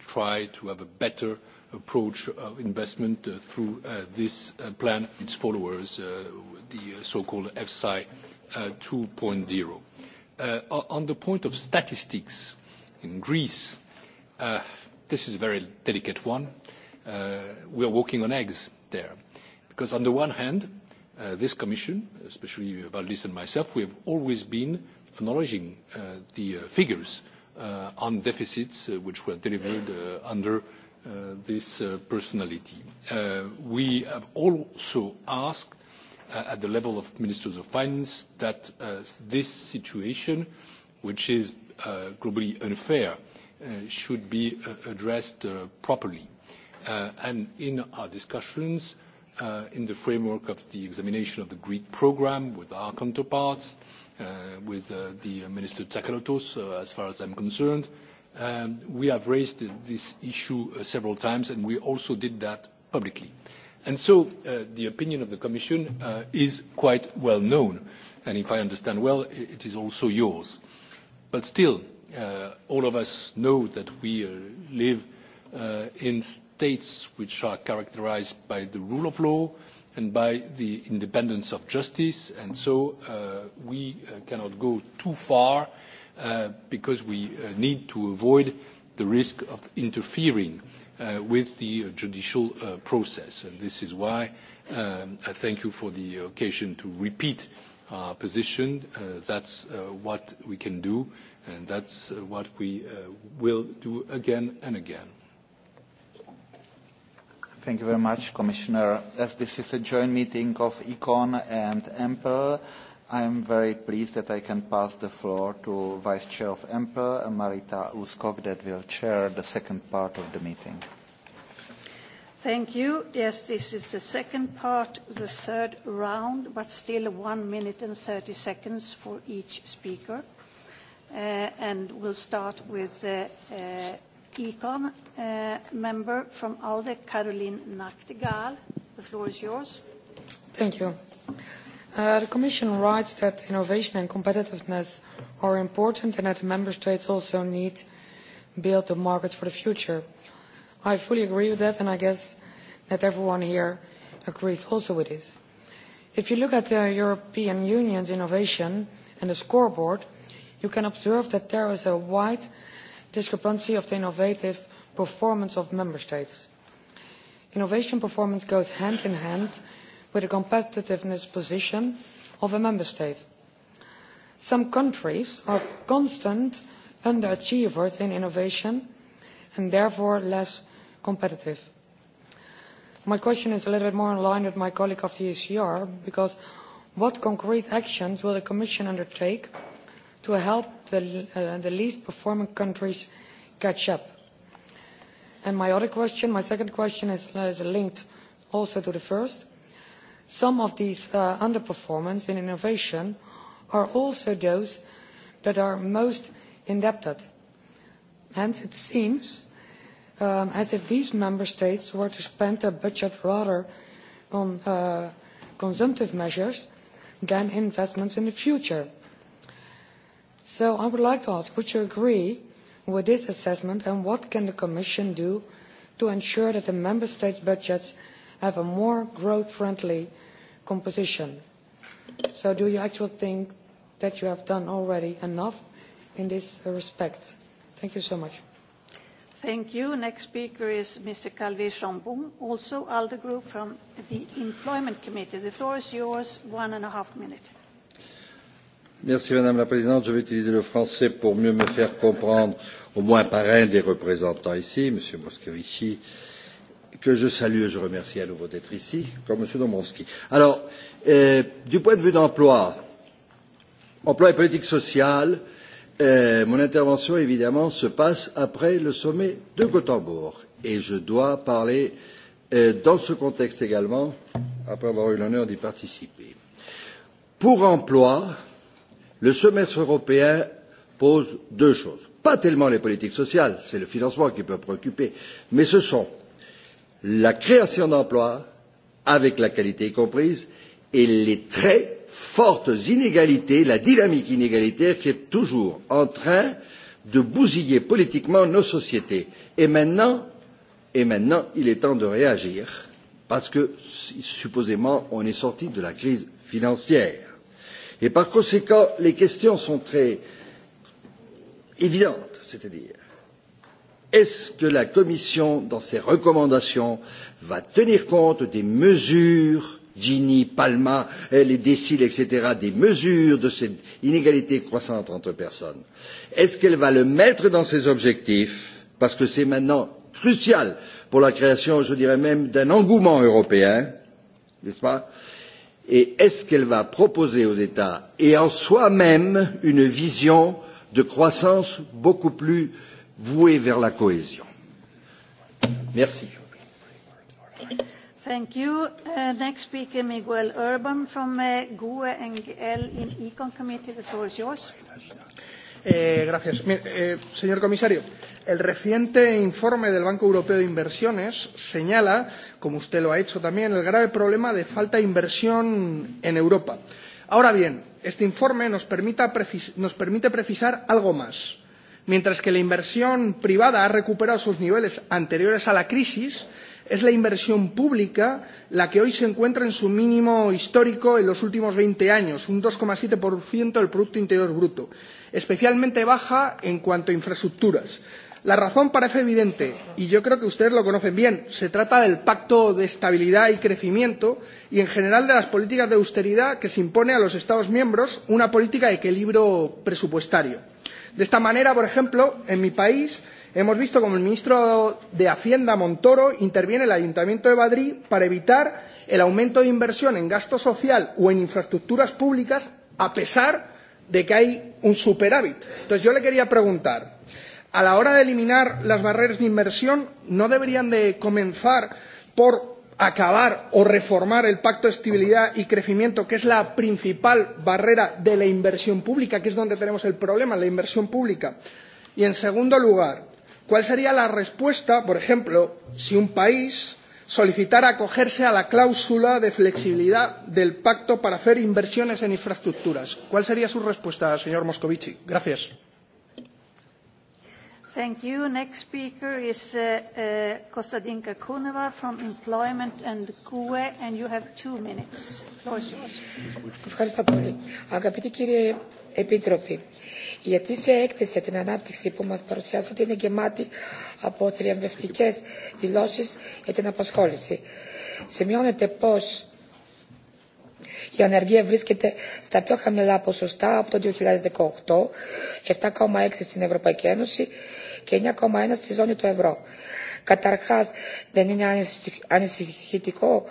try to have a better approach of investment through this plan, its followers, the so-called FSI 2.0. On the point of statistics in Greece, this is a very delicate one. Uh, we are walking on eggs there. Because on the one hand, uh, this commission, especially Valdis and myself, we have always been acknowledging uh, the figures on deficits which were delivered under this personality. We have also asked at the level of ministers of finance that this situation, which is globally unfair, should be addressed properly Uh, and in our discussions, uh, in the framework of the examination of the Greek program with our counterparts, uh, with uh, the Minister Tsakalotos, uh, as far as I'm concerned, um, we have raised this issue uh, several times, and we also did that publicly. So, the opinion of the Commission is quite well known, and if I understand well, it is also yours. But still, all of us know that we live in states which are characterised by the rule of law and by the independence of justice and so uh, we uh, cannot go too far uh, because we uh, need to avoid the risk of interfering uh, with the judicial process and this is why um, i thank you for the occasion to repeat our position. Uh, that's uh, what we can do, and that's uh, what we will do again and again. Thank you very much, Commissioner. As this is a joint meeting of Econ and EMPL, I am very pleased that I can pass the floor to Vice Chair of EMPL, Marita Ulskog, that will chair the second part of the meeting. Thank you. Yes, this is the second part, the third round, but still one minute and 30 seconds for each speaker. Uh, and we'll start with uh, uh, Econ uh, eh, member from ALDE, Caroline Nachtigal. The floor is yours. Thank you. Uh, the Commission writes that innovation and competitiveness are important and that the Member States also need build the market for the future. I fully agree with that, and I guess that everyone here agrees also with this. If you look at the European Union's innovation and the scoreboard, you can observe that there is a wide discrepancy of the innovative performance of member states. Innovation performance goes hand in hand with the competitiveness position of a member state. Some countries are constant underachievers in innovation and therefore less competitive. My question is a little bit more in line with my colleague of the ECR because what concrete actions will the Commission undertake to help the, uh, the least performing countries catch up. And my other question, my second question is, uh, is linked also to the first. Some of these uh, underperformance in innovation are also those that are most indebted. Hence, it seems um, as if these member states were to spend their budget rather on uh, consumptive measures than investments in the future. So I would like to ask, would you agree with this assessment and what can the Commission do to ensure that the Member States' budgets have a more growth-friendly composition? So do you actually think that you have done already enough in this respect? Thank you so much. Thank you. Next speaker is Mr. Calvi Chambon, also ALDE Group from the Employment Committee. The floor is yours, one and a half minutes. Merci Madame la Présidente. Je vais utiliser le français pour mieux me faire comprendre, au moins par un des représentants ici, Monsieur Moscovici, que je salue et je remercie à nouveau d'être ici, comme Monsieur Dombrovski. Alors, euh, du point de vue d'emploi, emploi et politique sociale, euh, mon intervention évidemment se passe après le sommet de Gothenburg et je dois parler euh, dans ce contexte également, après avoir eu l'honneur d'y participer. Pour emploi, euh, Le semestre européen pose deux choses. Pas tellement les politiques sociales, c'est le financement qui peut préoccuper, mais ce sont la création d'emplois, avec la qualité y comprise, et les très fortes inégalités, la dynamique inégalitaire qui est toujours en train de bousiller politiquement nos sociétés. Et maintenant, et maintenant, il est temps de réagir, parce que supposément, on est sorti de la crise financière Et par conséquent, les questions sont très évidentes, c'est-à-dire est-ce que la Commission, dans ses recommandations, va tenir compte des mesures Gini, Palma, les déciles, etc., des mesures de cette inégalité croissante entre personnes. Est-ce qu'elle va le mettre dans ses objectifs Parce que c'est maintenant crucial pour la création, je dirais même, d'un engouement européen, n'est-ce pas euh, et est-ce qu'elle va proposer aux États et en soi-même une vision de croissance beaucoup plus vouée vers la cohésion Merci. Thank you. Uh, next speaker, Miguel Urban from uh, GUE NGL in Econ Committee. The floor is yours. Eh, gracias. Mire, eh, señor comisario, el reciente informe del Banco Europeo de Inversiones señala, como usted lo ha hecho también, el grave problema de falta de inversión en Europa. Ahora bien, este informe nos, permita nos permite precisar algo más. Mientras que la inversión privada ha recuperado sus niveles anteriores a la crisis, es la inversión pública la que hoy se encuentra en su mínimo histórico en los últimos 20 años, un 2,7% del Producto Interior Bruto especialmente baja en cuanto a infraestructuras. La razón parece evidente y yo creo que ustedes lo conocen bien. Se trata del pacto de estabilidad y crecimiento y, en general, de las políticas de austeridad que se impone a los Estados miembros una política de equilibrio presupuestario. De esta manera, por ejemplo, en mi país hemos visto como el ministro de Hacienda, Montoro, interviene el Ayuntamiento de Madrid para evitar el aumento de inversión en gasto social o en infraestructuras públicas a pesar de que hay un superávit. Entonces yo le quería preguntar, a la hora de eliminar las barreras de inversión, ¿no deberían de comenzar por acabar o reformar el Pacto de Estabilidad y Crecimiento, que es la principal barrera de la inversión pública, que es donde tenemos el problema, la inversión pública? Y en segundo lugar, ¿cuál sería la respuesta, por ejemplo, si un país solicitar acogerse a la cláusula de flexibilidad del pacto para hacer inversiones en infraestructuras. cuál sería su respuesta señor moscovici? gracias. Thank you. Next speaker is uh, uh, Kostadinka Kuneva from Employment and GUE, and you have two minutes. Floor is yours. Ευχαριστώ πολύ. Αγαπητή κύριε Επίτροπη, η ετήσια έκθεση για την ανάπτυξη που μας παρουσιάσατε είναι γεμάτη από θριαμβευτικές δηλώσεις για την απασχόληση. Σημειώνεται πως η ανεργία βρίσκεται στα πιο χαμηλά ποσοστά από το 2018, 7,6 στην Ευρωπαϊκή Ένωση και 9,1 στη ζώνη του ευρώ. Καταρχάς, δεν είναι ανησυχητικό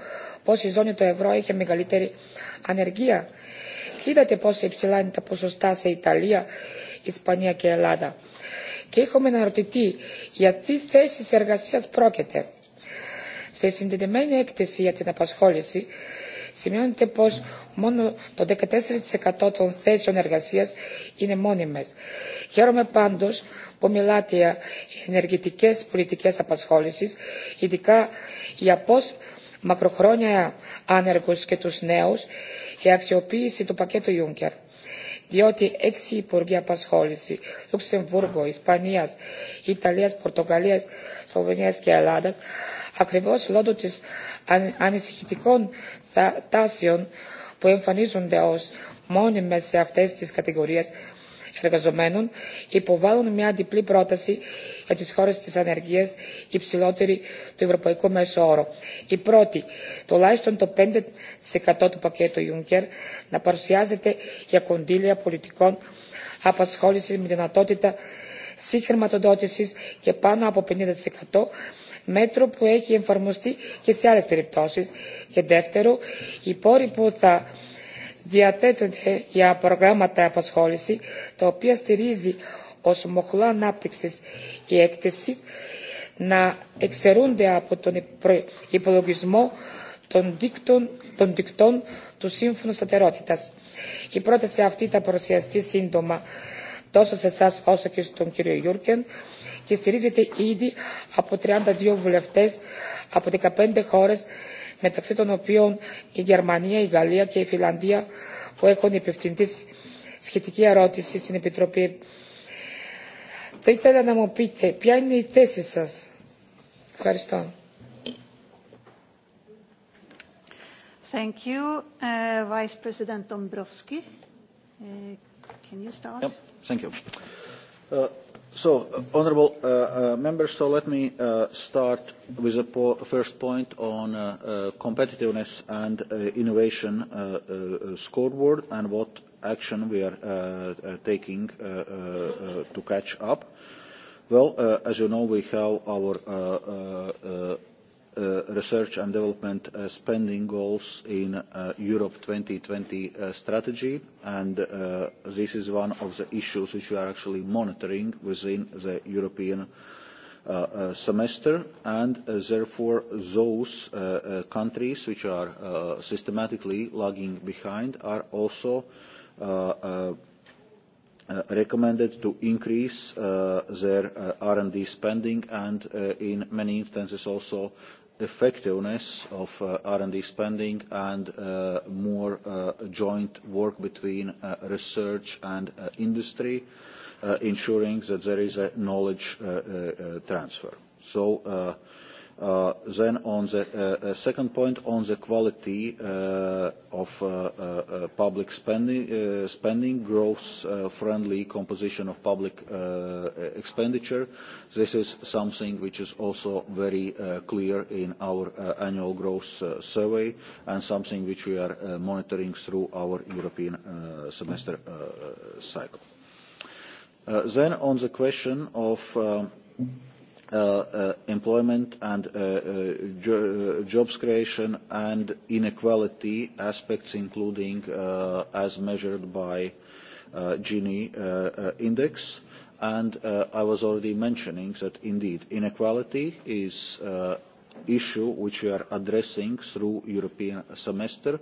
πως η ζώνη του ευρώ είχε μεγαλύτερη ανεργία. Κοίτατε πόσο υψηλά είναι τα ποσοστά σε Ιταλία, Ισπανία και Ελλάδα. Και έχουμε να ρωτηθεί για τι θέσεις εργασίας πρόκειται. Στη συντηρημένη έκθεση για την απασχόληση σημειώνεται πως μόνο το 14% των θέσεων εργασίας είναι μόνιμες. Χαίρομαι πάντως ομιλάτε για ενεργητικές πολιτικές απασχόλησης, ειδικά για πώς μακροχρόνια άνεργους και τους νέους, η αξιοποίηση του πακέτου Juncker διότι έξι υπουργοί απασχόληση Λουξεμβούργο, Ισπανία, Ιταλία, Πορτογαλία, Σλοβενία και Ελλάδα, ακριβώ λόγω τη ανησυχητικών τάσεων που εμφανίζονται ω μόνιμε σε αυτέ τι κατηγορίε εργαζομένων υποβάλλουν μια διπλή πρόταση για τις χώρες της ανεργίας υψηλότερη του ευρωπαϊκού μέσου όρου. Η πρώτη, τουλάχιστον το 5% του πακέτου Juncker να παρουσιάζεται για κονδύλια πολιτικών απασχόλησης με δυνατότητα συγχρηματοδότησης και πάνω από 50% μέτρο που έχει εφαρμοστεί και σε άλλες περιπτώσεις. Και δεύτερο, οι πόροι που θα διαθέτονται για προγράμματα απασχόληση, τα οποία στηρίζει ως μοχλά ανάπτυξης η έκθεση, να εξαιρούνται από τον υπολογισμό των δίκτων, των δικτών του Σύμφωνου Σταθερότητας. Η πρόταση αυτή θα παρουσιαστεί σύντομα τόσο σε εσά όσο και στον κύριο Γιούρκεν και στηρίζεται ήδη από 32 βουλευτές από 15 χώρες μεταξύ των οποίων η Γερμανία, η Γαλλία και η Φιλανδία που έχουν υπευθυνθεί σχετική ερώτηση στην Επιτροπή. Θα ήθελα να μου πείτε ποια είναι η θέση σας. Ευχαριστώ. Thank you. Uh, Vice President Dombrovski, uh, can you start? Yep, thank you. Uh, So, uh, honorable uh, uh, members, so let me uh, start with the po first point on uh, uh, competitiveness and uh, innovation uh, uh, uh scoreboard and what action we are uh, uh, taking uh, uh, uh, to catch up. Well, uh, as you know, we have our uh, uh, uh uh, research and development uh, spending goals in uh, Europe 2020 uh, strategy and uh, this is one of the issues which we are actually monitoring within the European uh, uh, semester and uh, therefore those uh, uh, countries which are uh, systematically lagging behind are also uh, uh, Uh, recommended to increase uh, their uh, R&D spending and uh, in many instances also effectiveness of uh, R&D spending and uh, more uh, joint work between uh, research and uh, industry, uh, ensuring that there is a knowledge uh, uh, uh transfer. So uh, Uh, then on the uh, uh, second point, on the quality uh, of uh, uh, public spending, spending growth friendly composition of public expenditure, this is something which is also very clear in our annual growth survey and something which we are monitoring through our European semester cycle. Then on the question of um, uh, uh, employment and uh, uh, jo uh, jobs creation and inequality aspects, including uh, as measured by uh, Gini uh, uh, index. And uh, I was already mentioning that indeed inequality is uh, issue which we are addressing through European semester.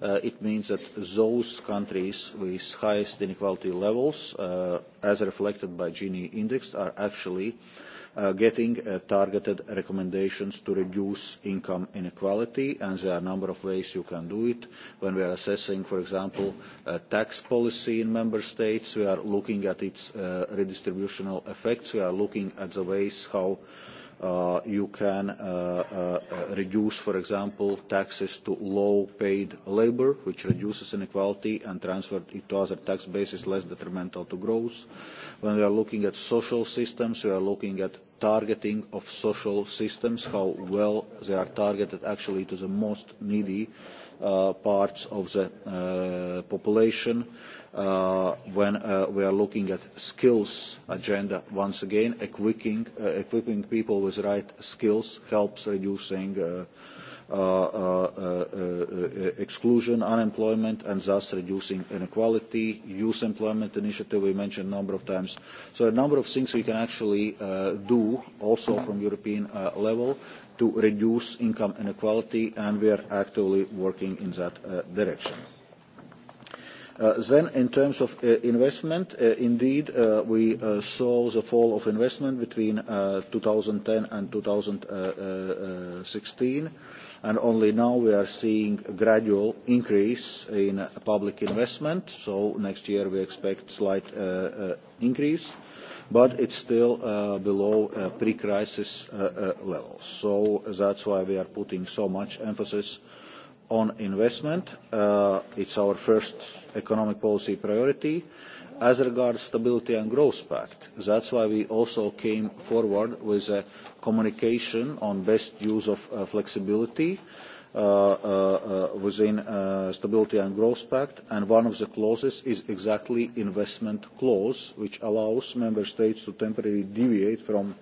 Uh, it means that those countries with highest inequality levels, uh, as reflected by Gini index, are actually uh, uh, getting uh, targeted recommendations to reduce income inequality, and there are a number of ways you can do it. When we are assessing, for example, uh, tax policy in member states, we are looking at its uh, redistributional effects. We are looking at the ways how uh, Uh, you can uh, uh, reduce, for example, taxes to low-paid labor, which reduces inequality and transfer it to other tax bases less detrimental to growth. When we are looking at social systems, we are looking at targeting of social systems, how well they are targeted actually to the most needy uh, uh, parts of the uh, population. Uh, when uh, we are looking at skills agenda, once again, equipping, uh, equipping people with right skills helps reducing uh, Uh, uh, uh, uh exclusion, unemployment, and thus reducing inequality, youth employment initiative we mentioned a number of times. So a number of things we can actually uh, do also from European uh, level, to reduce income inequality, and we are actively working in that uh, direction. Uh, then in terms of uh, investment, uh, indeed, uh, we uh, saw the fall of investment between 2010 uh, and 2016 and only now we are seeing a gradual increase in uh, public investment. So next year we expect slight uh, uh, increase, but it's still uh, below uh, pre-crisis uh, levels. So that's why we are putting so much emphasis on investment. It's our first economic policy priority, As regards stability and growth pact, that's why we also came forward with a communication on best use of uh, flexibility uh, uh, within uh, stability and growth pact, and one of the clauses is exactly investment clause, which allows member states to temporarily deviate from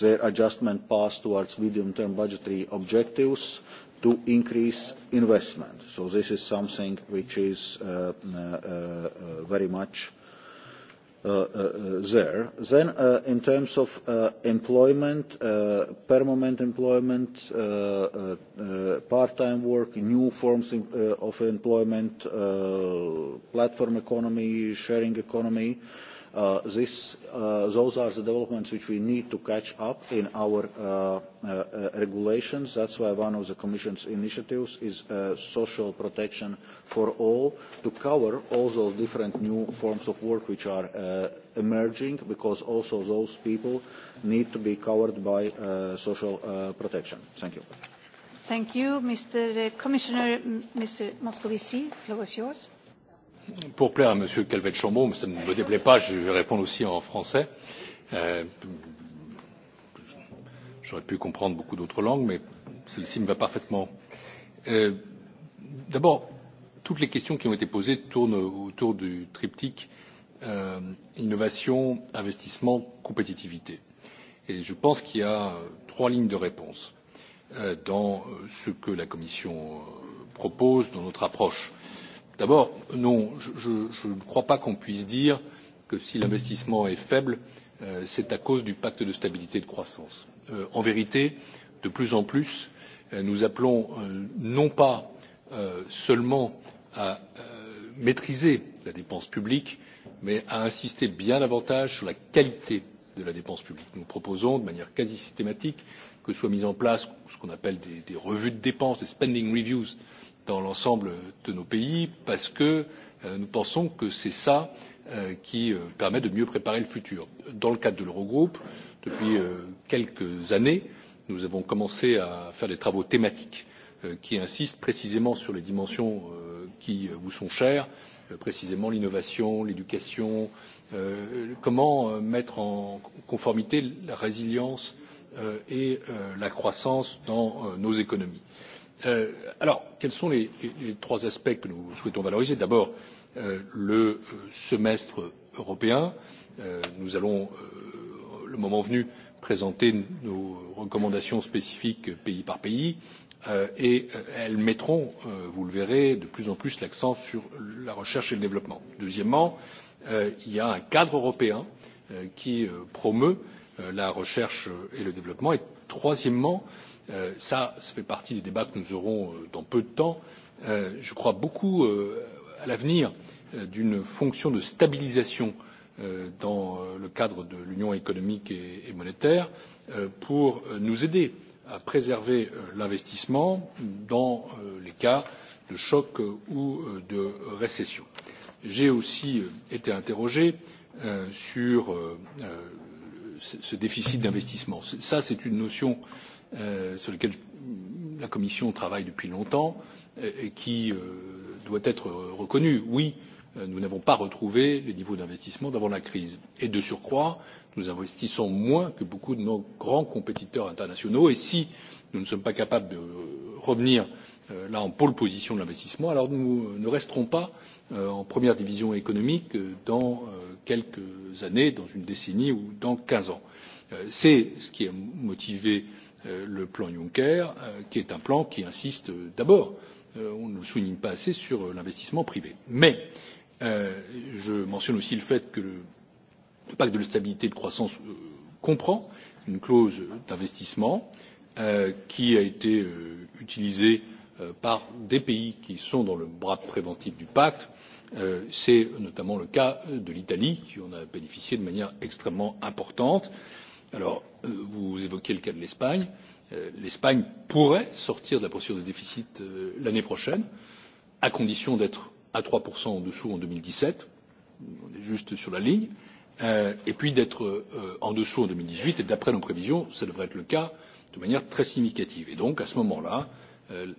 their adjustment path towards medium-term budgetary objectives to increase investment. So this is something which is uh, uh, uh, very much uh, uh, there. Then uh, in terms of uh, employment, uh, permanent employment, uh, uh, uh, part-time work, new forms in, uh, of employment, uh, platform economy, sharing economy, uh, Uh, this, uh, those are the developments which we need to catch up in our uh, uh, uh, regulations. That's why one of the Commission's initiatives is uh, social protection for all to cover all those different new forms of work which are uh, emerging because also those people need to be covered by uh, social uh, protection. Thank you. Thank you, Mr. Uh, Commissioner. Mr. Moscovici, the floor is yours pour plaire à m. calvet chambon cela ne me déplaît pas je vais répondre aussi en français. Euh, j'aurais pu comprendre beaucoup d'autres langues mais celle ci me va parfaitement. Euh, d'abord toutes les questions qui ont été posées tournent autour du triptyque euh, innovation investissement compétitivité et je pense qu'il y a trois lignes de réponse dans ce que la commission propose dans notre approche d'abord non je ne crois pas qu'on puisse dire que si l'investissement est faible euh, c'est à cause du pacte de stabilité et de croissance. Euh, en vérité de plus en plus euh, nous appelons non pas seulement à maîtriser la dépense publique mais à insister bien davantage sur la qualité de la dépense publique. nous proposons de manière quasi systématique que soient mises en place ce qu'on appelle des revues de dépenses des spending reviews dans l'ensemble de nos pays parce que euh, nous pensons que c'est cela euh, qui euh, permet de mieux préparer le futur. dans le cadre de l'eurogroupe depuis quelques années nous avons commencé à faire des travaux thématiques qui insistent précisément sur les dimensions qui vous sont chères précisément l'innovation l'éducation comment mettre en conformité la résilience et la croissance dans nos économies. Euh, alors quels sont les, les, les trois aspects que nous souhaitons valoriser? d'abord euh, le euh, semestre européen nous allons le moment venu présenter nos recommandations spécifiques pays par pays et elles mettront vous le verrez de plus en plus l'accent sur la recherche et le développement. deuxièmement il y a un cadre européen qui promeut la recherche et le développement et troisièmement cela euh, fait partie des débats que nous aurons euh, dans peu de temps. Euh, je crois beaucoup à l'avenir d'une fonction de stabilisation dans le cadre de l'union économique et monétaire pour nous aider à préserver l'investissement dans les cas de choc ou de récession. j'ai aussi été interrogé sur ce déficit d'investissement. c'est une notion Euh, sur lequel la commission travaille depuis longtemps euh, et qui euh, doit être reconnu. oui nous n'avons pas retrouvé les niveaux d'investissement d'avant la crise et de surcroît nous investissons moins que beaucoup de nos grands compétiteurs internationaux et si nous ne sommes pas capables de revenir là en pole position de l'investissement alors nous ne resterons pas en première division économique dans quelques années dans une décennie ou dans quinze ans. c'est ce qui a motivé Euh, le plan juncker euh, qui est un plan qui insiste d'abord euh, on ne le souligne pas assez sur l'investissement privé. mais je mentionne aussi le fait que le pacte de stabilité et de croissance comprend une clause d'investissement qui a été utilisée par des pays qui sont dans le bras préventif du pacte c'est notamment le cas de l'italie qui en a bénéficié de manière extrêmement importante. alors Euh, vous évoquiez le cas de l'espagne euh, l'espagne pourrait sortir de la procédure de déficit euh, l'année prochaine à condition d'être à trois en dessous en deux mille dix sept on est juste sur la ligne et puis d'être en dessous en deux mille dix huit et d'après nos prévisions cela devrait être le cas de manière très significative. et donc à ce moment là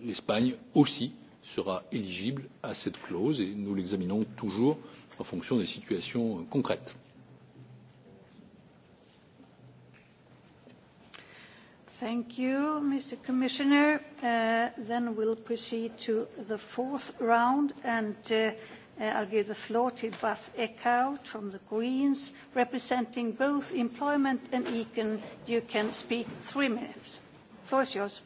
l'espagne aussi sera éligible à cette clause et nous l'examinons toujours en fonction des situations concrètes. Thank you, Mr. Commissioner. Uh, then we'll proceed to the fourth round, and uh, uh, I'll give the floor to Bas Eckhout from the Greens, representing both employment and econ. You can speak three minutes. Floor is yours.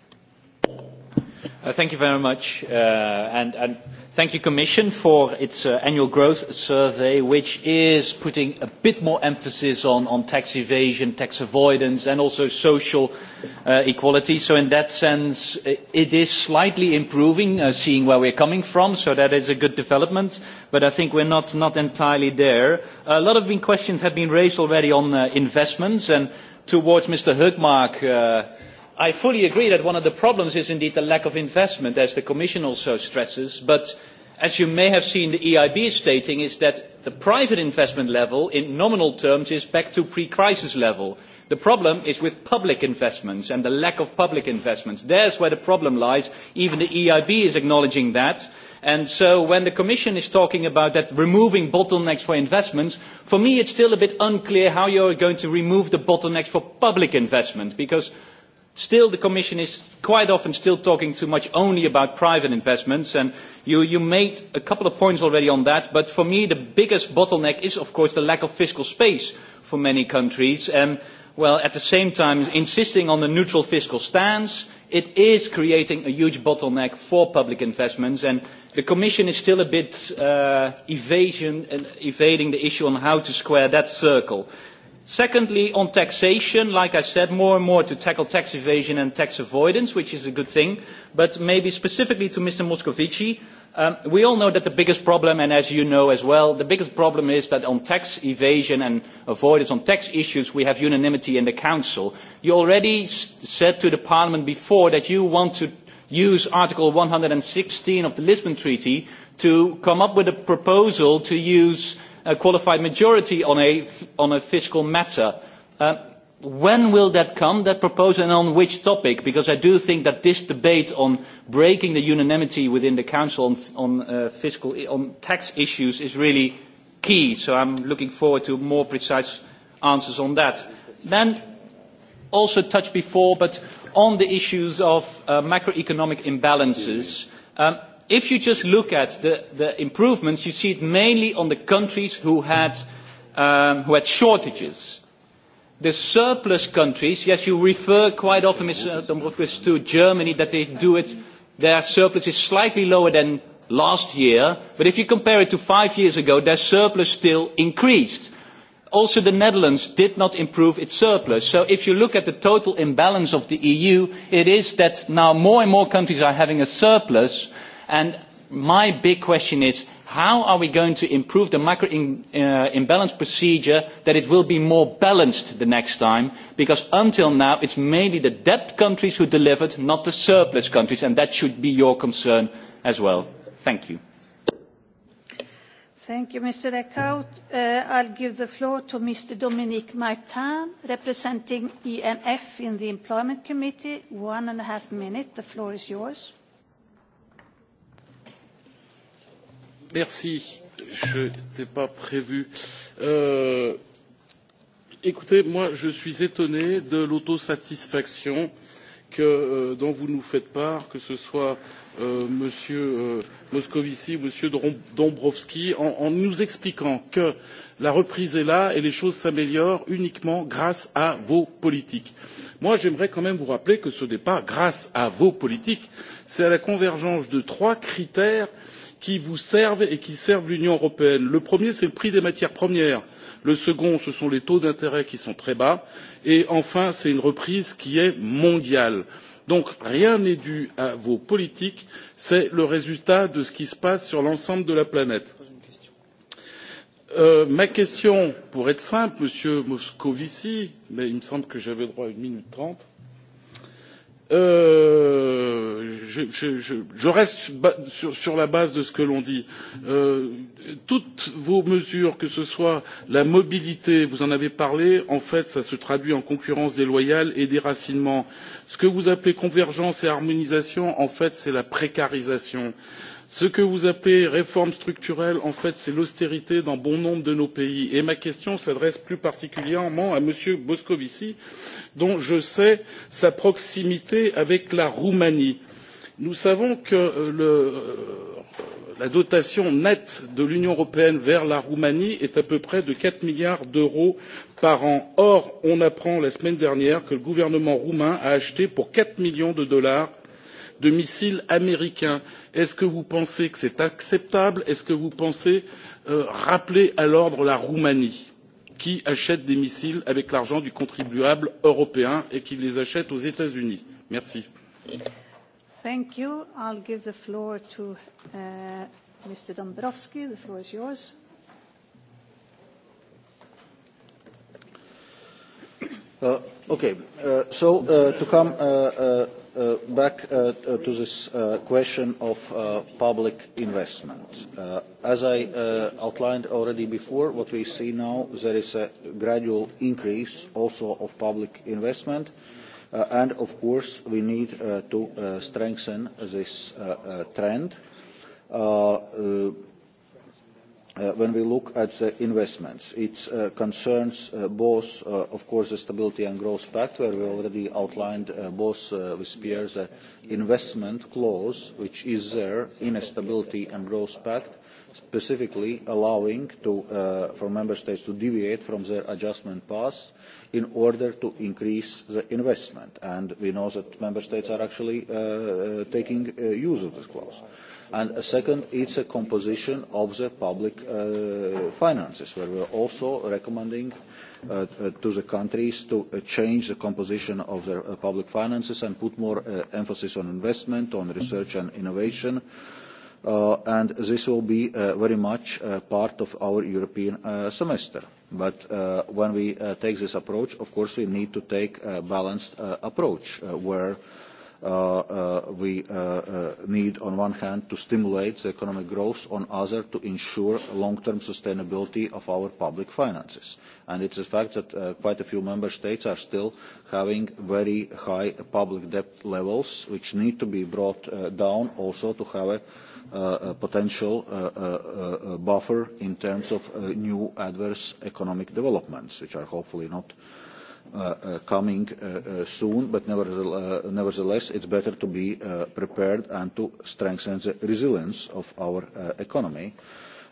Uh, thank you very much, uh, and, and thank you, Commission, for its uh, annual growth survey, which is putting a bit more emphasis on, on tax evasion, tax avoidance, and also social uh, equality. So in that sense, it, it is slightly improving, uh, seeing where we're coming from, so that is a good development, but I think we're not, not entirely there. A lot of questions have been raised already on uh, investments, and towards Mr. Hugmark, uh, I fully agree that one of the problems is indeed the lack of investment, as the Commission also stresses, but as you may have seen the EIB stating, is that the private investment level in nominal terms is back to pre-crisis level. The problem is with public investments and the lack of public investments. There's where the problem lies. Even the EIB is acknowledging that. And so when the Commission is talking about that removing bottlenecks for investments, for me it's still a bit unclear how you're going to remove the bottlenecks for public investment because Still, the Commission is quite often still talking too much only about private investments, and you, you made a couple of points already on that, but for me the biggest bottleneck is, of course, the lack of fiscal space for many countries, and, well, at the same time, insisting on a neutral fiscal stance, it is creating a huge bottleneck for public investments, and the Commission is still a bit uh, evasion, uh, evading the issue on how to square that circle. Uh, Secondly, on taxation, like I said, more and more to tackle tax evasion and tax avoidance, which is a good thing. But maybe specifically to Mr. Moscovici, um, we all know that the biggest problem, and as you know as well, the biggest problem is that on tax evasion and avoidance, on tax issues, we have unanimity in the Council. You already s- said to the Parliament before that you want to use Article 116 of the Lisbon Treaty to come up with a proposal to use – uh, qualified majority on a, on a fiscal matter. Uh, when will that come, that proposal, and on which topic? Because I do think that this debate on breaking the unanimity within the Council on, on, uh, fiscal, on tax issues is really key. So I'm looking forward to more precise answers on that. Then, also touched before, but on the issues of uh, macroeconomic imbalances, um, if you just look at the, the improvements, you see it mainly on the countries who had, um, who had shortages. The surplus countries, yes, you refer quite often, Mr. Dombrovskis, to Germany, that they do it, their surplus is slightly lower than last year, but if you compare it to five years ago, their surplus still increased. Also, the Netherlands did not improve its surplus. So if you look at the total imbalance of the EU, it is that now more and more countries are having a surplus, uh, And my big question is, how are we going to improve the macro in, uh, imbalance procedure that it will be more balanced the next time? Because until now, it's mainly the debt countries who delivered, not the surplus countries, and that should be your concern as well. Thank you. Thank you, Mr. Eckhout. Uh, I'll give the floor to Mr. Dominique Martin, representing ENF in the Employment Committee. One and a half minute. The floor is yours. Merci. Je n'étais pas prévu. Euh, écoutez, moi, je suis étonné de l'autosatisfaction que, euh, dont vous nous faites part, que ce soit euh, M. Euh, Moscovici ou M. Dombrovski, en, en nous expliquant que la reprise est là et les choses s'améliorent uniquement grâce à vos politiques. Moi, j'aimerais quand même vous rappeler que ce n'est pas grâce à vos politiques, c'est à la convergence de trois critères qui vous servent et qui servent l'union européenne. le premier c'est le prix des matières premières le second ce sont les taux d'intérêt qui sont très bas et enfin c'est une reprise qui est mondiale. donc rien n'est dû à vos politiques c'est le résultat de ce qui se passe sur l'ensemble de la planète. Euh, ma question pour être simple monsieur moscovici mais il me semble que j'avais droit à une minute trente euh, je, je, je, je reste sur, sur la base de ce que l'on dit. Euh, toutes vos mesures, que ce soit la mobilité, vous en avez parlé, en fait, ça se traduit en concurrence déloyale et déracinement. Ce que vous appelez convergence et harmonisation, en fait, c'est la précarisation. Euh, ce que vous appelez réformes structurelles en fait c'est l'austérité dans bon nombre de nos pays et ma question s'adresse plus particulièrement à m. moscovici dont je sais la proximité avec la roumanie. nous savons que euh, le, euh, la dotation nette de l'union européenne vers la roumanie est à peu près de quatre milliards d'euros par an. or on apprend la semaine dernière que le gouvernement roumain a acheté pour quatre millions de dollars de missiles américains. est ce que vous pensez que c'est acceptable? est ce que vous pensez euh, rappeler à l'ordre la roumanie qui achète des missiles avec l'argent du contribuable européen et qui les achète aux états unis? merci. Thank you. I'll give the floor to uh, Mr. Dombrovskis. The floor is yours. Uh, okay. Uh, so, uh, to come uh, uh, uh, back uh, uh, to this uh, question of uh, public investment. Uh, as I uh, outlined already before, what we see now, there is a gradual increase also of public investment. Uh, and of course, we need uh, to uh, strengthen this uh, uh, trend. Uh, uh, Uh, when we look at the investments, it uh, concerns uh, both, uh, of course, the Stability and Growth Pact, where we already outlined uh, both uh, with Pierre the investment clause, which is there in a Stability and Growth Pact, specifically allowing to, for member states to deviate from their adjustment path in order to increase the investment. And we know that member states are actually taking use of this clause. And second, it's a composition of the public uh, finances, where we're also recommending uh, uh, to the countries to uh, change the composition of their uh, public finances and put more uh, emphasis on investment, on research and innovation. Uh, and this will be uh, very much uh, part of our European uh, semester. But uh, when we uh, take this approach, of course, we need to take a balanced uh, approach uh, where uh, uh, uh, we uh, uh, need on one hand to stimulate the economic growth, on other to ensure long-term sustainability of our public finances. And it's a fact that uh, quite a few member states are still having very high public debt levels, which need to be brought uh, down also to have a Uh, potential uh, uh, uh, buffer in terms of uh, new adverse economic developments, which are hopefully not Uh, uh, coming uh, soon, but nevertheless, it's better to be prepared and to strengthen the resilience of our economy.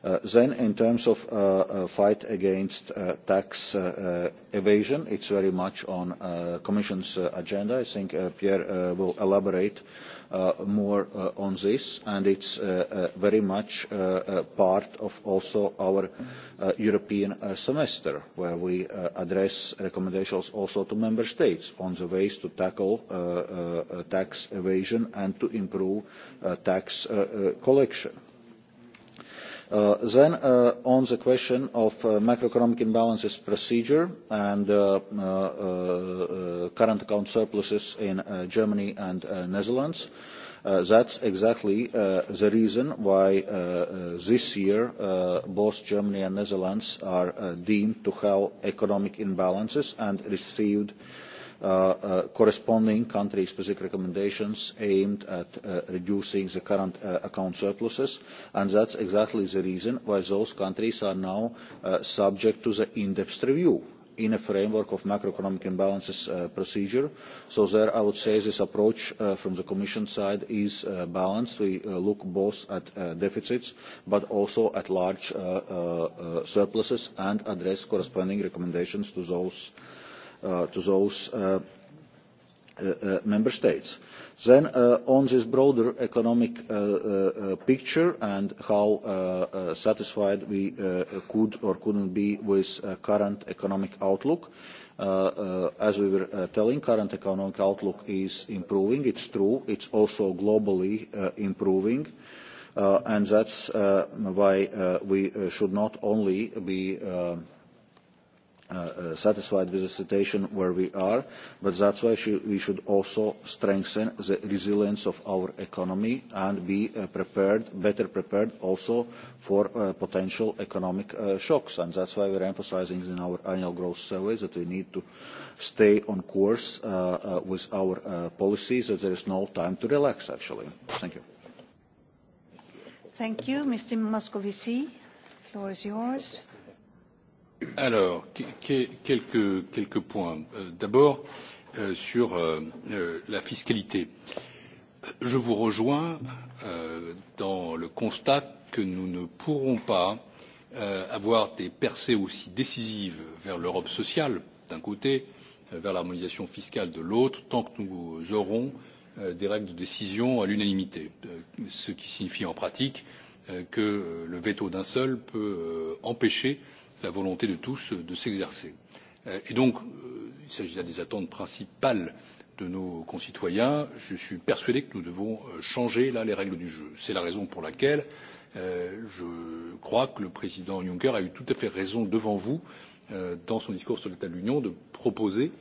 Uh, then in terms of uh, uh, fight against uh, tax uh, uh, evasion, it's very much on uh, Commission's uh, agenda. I think uh, Pierre uh, will elaborate uh, more uh, on this, and it's uh, uh, very much uh, uh, part of also our uh, European uh, semester, where we uh, address recommendations also to member states on the ways to tackle uh, uh, uh tax evasion and to improve uh, tax uh, uh, collection. Uh, Uh, then uh, on the question of uh, macroeconomic imbalances procedure and uh, uh, uh, current account surpluses in uh, Germany and uh, Netherlands, uh, that's exactly uh, the reason why uh, uh, this year uh, both Germany and Netherlands are uh, deemed to have economic imbalances and received uh, Uh, uh, corresponding country-specific recommendations aimed at uh, reducing the current account surpluses, and that's exactly the reason why those countries are now subject to the in-depth review in a framework of macroeconomic imbalances uh, procedure. So there, I would say this approach uh, from the Commission side is uh, balanced. We uh, look both at uh, deficits, but also at large uh, uh, surpluses and address corresponding recommendations to those uh, uh, to those uh, uh, uh, member states. Then uh, on this broader economic uh, uh, uh, picture and how uh, uh, satisfied we uh, could or couldn't be with uh, current economic outlook, uh, uh, as we were uh, telling, current economic outlook is improving. It's true. It's also globally uh, improving. Uh, Uh, and that's uh, why uh, we uh, should not only be uh, uh, uh, satisfied with the situation where we are, but that's why sh we should also strengthen the resilience of our economy and be uh, prepared, better prepared also for uh, potential economic uh, shocks. And that's why we're emphasizing in our annual growth survey that we need to stay on course uh, uh, with our uh, policies, that there is no time to relax, actually. Thank you. Thank you. Mr. Moscovici, floor is yours. Alors, quelques, quelques points. Euh, d'abord, euh, sur euh, la fiscalité. Je vous rejoins dans le constat que nous ne pourrons pas avoir des percées aussi décisives vers l'Europe sociale, d'un côté, vers l'harmonisation fiscale de l'autre, tant que nous aurons des règles de décision à l'unanimité, ce qui signifie en pratique que le veto d'un seul peut empêcher la volonté de tous de s'exercer. Euh, et donc euh, il s'agit là des attentes principales de nos concitoyens. je suis persuadé que nous devons euh, changer là les règles du jeu. c'est la raison pour laquelle je crois que le président juncker a eu tout à fait raison devant vous dans son discours sur l'état de l'union de proposer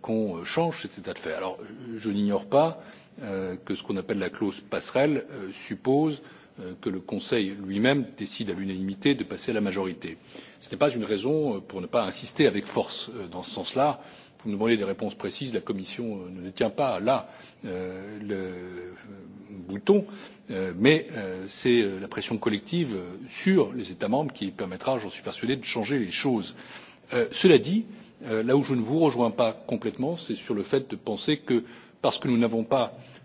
qu'on change cet état de fait. alors je n'ignore pas que ce qu'on appelle la clause passerelle suppose Euh, que le conseil lui même décide à l'unanimité de passer à la majorité. ce n'est pas une raison euh, pour ne pas insister avec force euh, dans ce sens là. vous nous demandez des réponses précises la commission ne détient pas là le bouton mais c'est la pression collective sur les états membres qui permettra j'en suis persuadé de changer les choses. cela dit là où je ne vous rejoins pas complètement c'est sur le fait de penser que parce que nous n'avons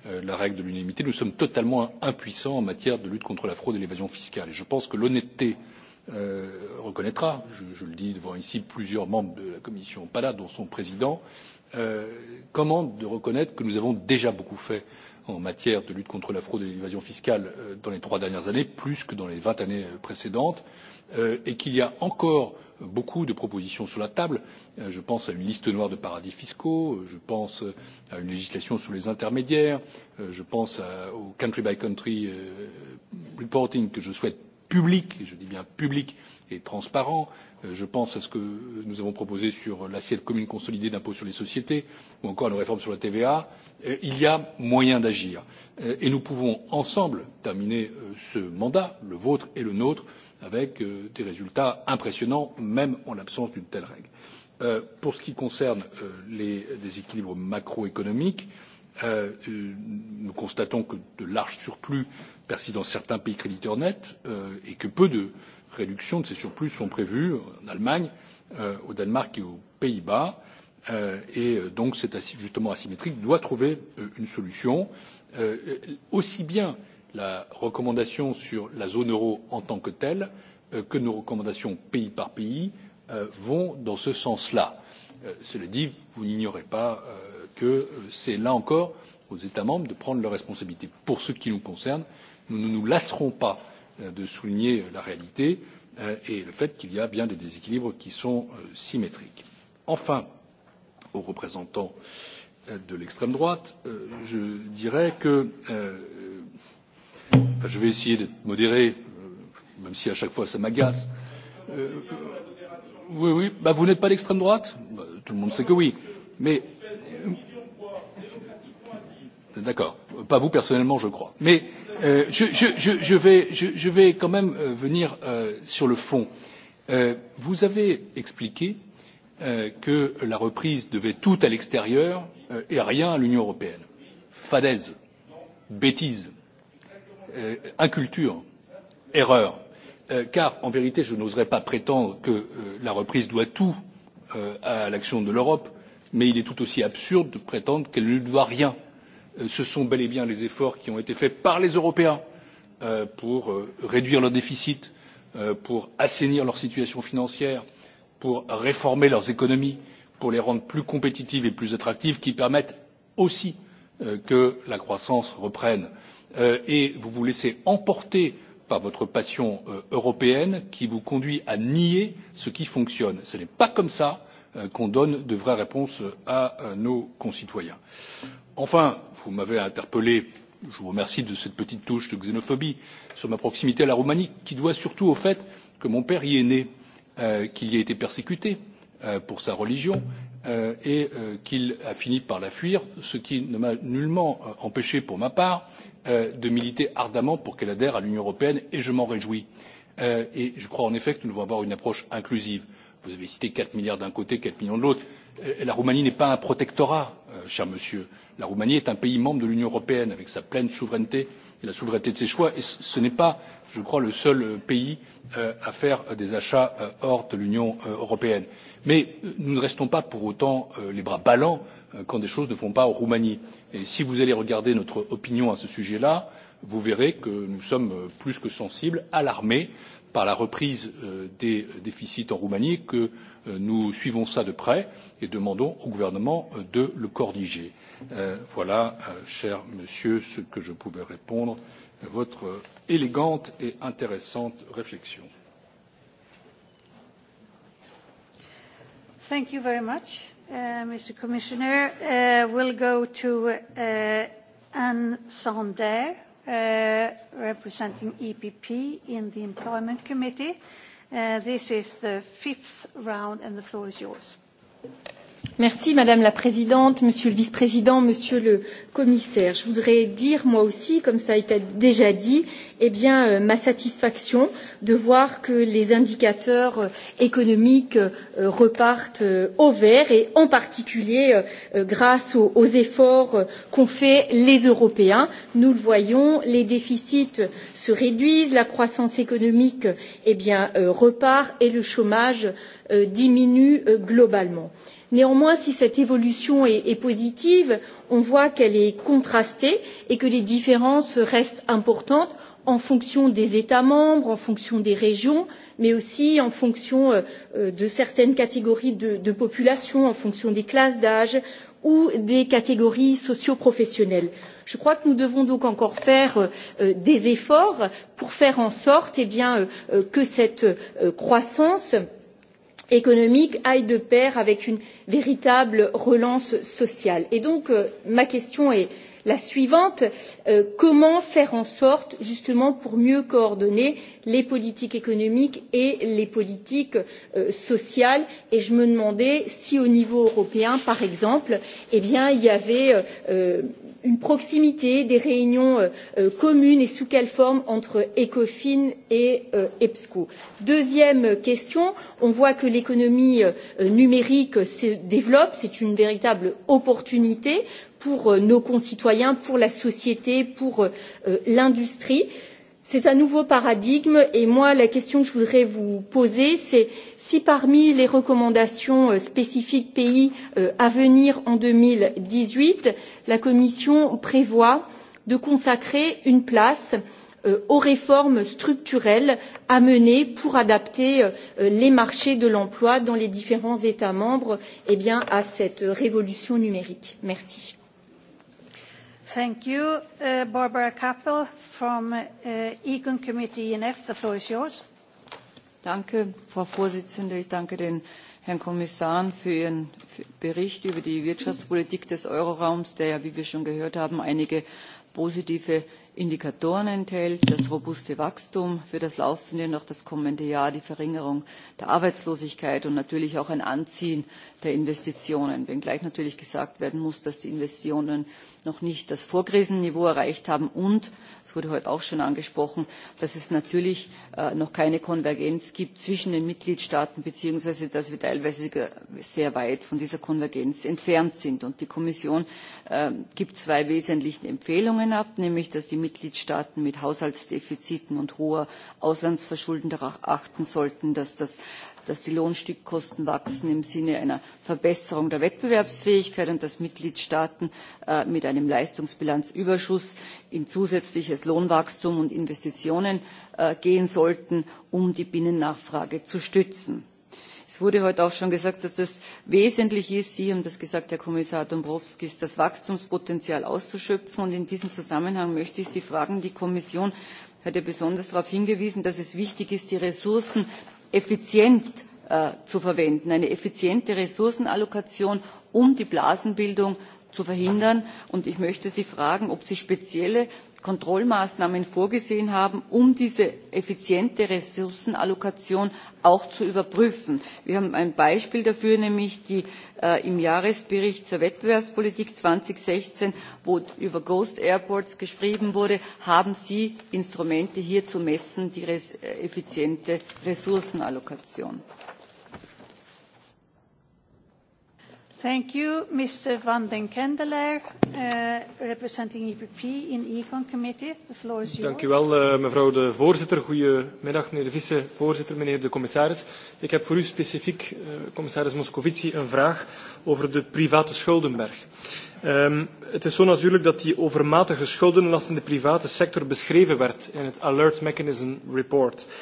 Euh, la règle de l'unanimité nous sommes totalement impuissants en matière de lutte contre la fraude et l'évasion fiscales et je pense que l'honnêteté euh, reconnaîtra je le dis devant ici plusieurs membres de la commission pana dont son président euh, commande de reconnaître que nous avons déjà beaucoup fait en matière de lutte contre la fraude et l'évasion fiscales dans les trois dernières années plus que dans les vingt années précédentes et qu'il y a encore beaucoup de propositions sur la table euh, je pense à une liste noire de paradis fiscaux euh, je pense euh, à une législation sur les intermédiaires je pense au country by country reporting que je souhaite public et je dis bien public et transparent je pense à ce que nous avons proposé sur l'assiette commune consolidée d'impôt sur les sociétés ou encore à nos réformes sur la tva il y a moyen d'agir et nous pouvons ensemble terminer ce mandat le vôtre et le nôtre avec euh, des résultats impressionnants même en l'absence d'une telle règle. Euh, pour ce qui concerne euh, les déséquilibres macroéconomiques nous constatons que de larges surplus persistent dans certains pays créditeurs nets et que peu de réductions de ces surplus sont prévues en allemagne au danemark et aux pays bas et donc cet ajustement asymétrique doit trouver une solution aussi bien la recommandation sur la zone euro en tant que telle euh, que nos recommandations pays par pays euh, vont dans ce sens là. Euh, cela dit vous n'ignorez pas que c'est là encore aux états membres de prendre leurs responsabilités. pour ce qui nous concerne nous ne nous lasserons pas de souligner la réalité et le fait qu'il y a bien des déséquilibres qui sont symétriques. enfin aux représentants de l'extrême droite je dirais je vais essayer d'être modéré euh, même si à chaque fois ça m'agace. Euh, oui, oui, bah vous n'êtes pas d'extrême droite bah, Tout le monde sait que oui. Mais. Euh, D'accord. Pas vous personnellement, je crois. Mais euh, je, je, je, je, vais, je, je vais quand même euh, venir euh, sur le fond. Euh, vous avez expliqué euh, que la reprise devait tout à l'extérieur euh, et à rien à l'Union européenne. Fadaise. Bêtise Euh, inculture erreur euh, car en vérité je n'oserais pas prétendre que euh, la reprise doit tout à l'action de l'europe mais il est tout aussi absurde de prétendre qu'elle ne doit rien. ce sont bel et bien les efforts qui ont été faits par les européens pour réduire leur déficit pour assainir leur situation financière pour réformer leurs économies pour les rendre plus compétitives et plus attractives qui permettent aussi que la croissance reprenne. Euh, et vous vous laissez emporter par votre passion euh, européenne qui vous conduit à nier ce qui fonctionne. ce n'est pas comme cela euh, qu'on donne de vraies réponses à nos concitoyens. enfin vous m'avez interpellé je vous remercie de cette petite touche de xénophobie sur ma proximité à la roumanie qui doit surtout au fait que mon père y est né qu'il y a été persécuté pour sa religion Euh, et euh, qu'il a fini par la fuir ce qui ne m'a nullement euh, empêché pour ma part de militer ardemment pour qu'elle adhère à l'union européenne et je m'en réjouis. je crois en effet que nous devons avoir une approche inclusive. vous avez cité quatre milliards d'un côté quatre millions de l'autre. la roumanie n'est pas un protectorat cher monsieur. la roumanie est un pays membre de l'union européenne avec sa pleine souveraineté et la souveraineté de ses choix et ce n'est je crois le seul euh, pays euh, à faire euh, des achats hors de l'union européenne mais nous ne restons pas pour autant les bras ballants quand des choses ne vont pas en roumanie et si vous allez regarder notre opinion à ce sujet là vous verrez que nous sommes plus que sensibles alarmés par la reprise des déficits en roumanie que nous suivons cela de près et demandons au gouvernement de le corriger. voilà cher monsieur ce que je pouvais répondre votre élégante et intéressante réflexion. Thank you very much, uh, Mr. Commissioner. Uh, we'll go to uh, Anne Sander, uh, representing EPP in the Employment Committee. Uh, this is the fifth round, and the floor is yours. Uh, Merci Madame la Présidente, Monsieur le Vice-président, Monsieur le Commissaire. Je voudrais dire moi aussi, comme ça a été déjà dit, eh bien, euh, ma satisfaction de voir que les indicateurs euh, économiques euh, repartent euh, au vert et en particulier euh, euh grâce aux, aux efforts euh, qu'ont fait les Européens. Nous le voyons, les déficits se réduisent, la croissance économique eh bien, euh, repart et le chômage euh, diminue euh, globalement. Euh, Néanmoins, si cette évolution est, est positive, on voit qu'elle est contrastée et que les différences restent importantes en fonction des États membres, en fonction des régions, mais aussi en fonction euh, euh de certaines catégories de, de population, en fonction des classes d'âge ou des catégories socioprofessionnelles. Je crois que nous devons donc encore faire euh, euh des efforts pour faire en sorte eh bien, euh, euh que cette euh, croissance euh, économique aille de pair avec une véritable relance sociale. Et donc, euh, ma question est la suivante euh, comment faire en sorte, justement, pour mieux coordonner les politiques économiques et les politiques euh, sociales Et je me demandais si, au niveau européen, par exemple, eh bien, il y avait euh, euh une proximité des réunions euh, euh, communes et sous quelle forme entre ECOFIN et euh, EBSCO. Deuxième question, on voit que l'économie euh, numérique se développe, c'est une véritable opportunité pour euh, nos concitoyens, pour la société, pour euh, euh l'industrie. C'est un nouveau paradigme et moi la question que je voudrais vous poser c'est euh, si parmi les recommandations euh, spécifiques pays euh, à venir en deux mille dix huit la commission prévoit de consacrer une place euh, aux réformes structurelles à mener pour adapter les marchés de l'emploi dans les différents états membres eh bien, à cette révolution numérique. merci. Thank you. Uh, Barbara Kappel from uh, Econ Committee ENF, the floor is yours. Danke, Frau Vorsitzende. Ich danke den Herrn Kommissaren für Ihren Bericht über die Wirtschaftspolitik des Euroraums, der ja, wie wir schon gehört haben, einige positive Indikatoren enthält, das robuste Wachstum für das laufende und auch das kommende Jahr, die Verringerung der Arbeitslosigkeit und natürlich auch ein Anziehen der Investitionen, wenngleich natürlich gesagt werden muss, dass die Investitionen noch nicht das vorkrisenniveau erreicht haben und es wurde heute auch schon angesprochen dass es natürlich äh, noch keine konvergenz gibt zwischen den mitgliedstaaten beziehungsweise dass wir teilweise sehr weit von dieser konvergenz entfernt sind. Und die kommission äh, gibt zwei wesentliche empfehlungen ab nämlich dass die mitgliedstaaten mit haushaltsdefiziten und hoher auslandsverschuldung darauf achten sollten dass das dass die Lohnstückkosten wachsen im Sinne einer Verbesserung der Wettbewerbsfähigkeit und dass Mitgliedstaaten äh, mit einem Leistungsbilanzüberschuss in zusätzliches Lohnwachstum und Investitionen äh, gehen sollten, um die Binnennachfrage zu stützen. Es wurde heute auch schon gesagt, dass es wesentlich ist, Sie haben das gesagt, Herr Kommissar Dombrovskis, das Wachstumspotenzial auszuschöpfen. Und in diesem Zusammenhang möchte ich Sie fragen, die Kommission hat ja besonders darauf hingewiesen, dass es wichtig ist, die Ressourcen effizient äh, zu verwenden eine effiziente ressourcenallokation um die blasenbildung zu verhindern und ich möchte sie fragen ob sie spezielle kontrollmaßnahmen vorgesehen haben um diese effiziente ressourcenallokation auch zu überprüfen. wir haben ein beispiel dafür nämlich die, äh, im jahresbericht zur wettbewerbspolitik zweitausendsechzehn wo über ghost airports geschrieben wurde haben sie instrumente hier zu messen die res äh, effiziente ressourcenallokation? Thank you, Mr. van den Kendeler, uh, representing EPP in Econ Committee. The floor is yours. Dank u wel, uh, mevrouw de voorzitter. Goedemiddag, meneer de vicevoorzitter, meneer de commissaris. Ik heb voor u specifiek, uh, commissaris Moscovici, een vraag over de private schuldenberg. Um, het is zo natuurlijk dat die overmatige schuldenlast in de private sector beschreven werd in het Alert Mechanism Report. Uh,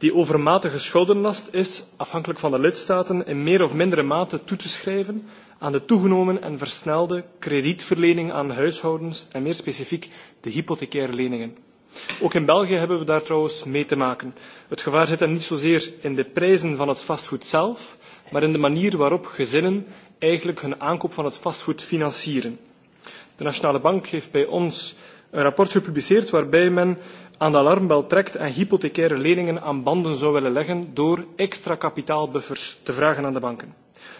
die overmatige schuldenlast is, afhankelijk van de lidstaten, in meer of mindere mate toe te schrijven aan de toegenomen en versnelde kredietverlening aan huishoudens en meer specifiek de hypothecaire leningen. Ook in België hebben we daar trouwens mee te maken. Het gevaar zit hem niet zozeer in de prijzen van het vastgoed zelf, maar in de manier waarop gezinnen eigenlijk hun aankoop van het vastgoed financieren. De Nationale Bank heeft bij ons een rapport gepubliceerd waarbij men aan de alarmbel trekt en hypothecaire leningen aan banden zou willen leggen door extra kapitaalbuffers te vragen aan de banken.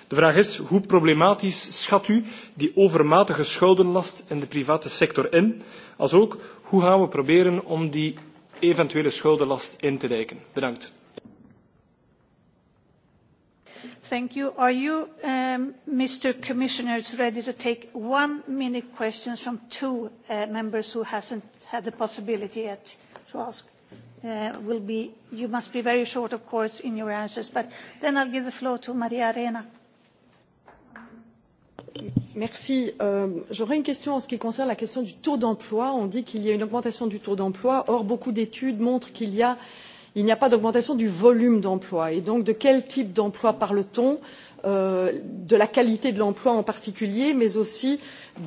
De vraag is, hoe problematisch schat u die overmatige schuldenlast in de private sector in? Alsook, hoe gaan we proberen om die eventuele schuldenlast in te dijken? Bedankt. Thank you. Are you, um, Mr. Commissioners, ready to take one-minute questions from two uh, members who hasn't had the possibility yet to ask? Uh, will be. You must be very short, of course, in your answers, but then I'll give the floor to Maria Arena. Merci. Euh, J'aurais une question en ce qui concerne la question du taux d'emploi. On dit qu'il y a une augmentation du taux d'emploi. Or, beaucoup d'études montrent qu'il y a euh, il n'y a pas d'augmentation du volume d'emplois et donc de quel type d'emploi parle t on? Euh, de la qualité de l'emploi en particulier mais aussi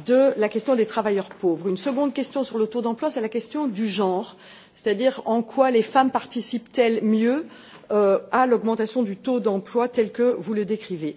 de la question des travailleurs pauvres. une seconde question sur le taux d'emploi c'est la question du genre c'est à dire en quoi les femmes participent elles mieux euh, à l'augmentation du taux d'emploi tel que vous le décrivez.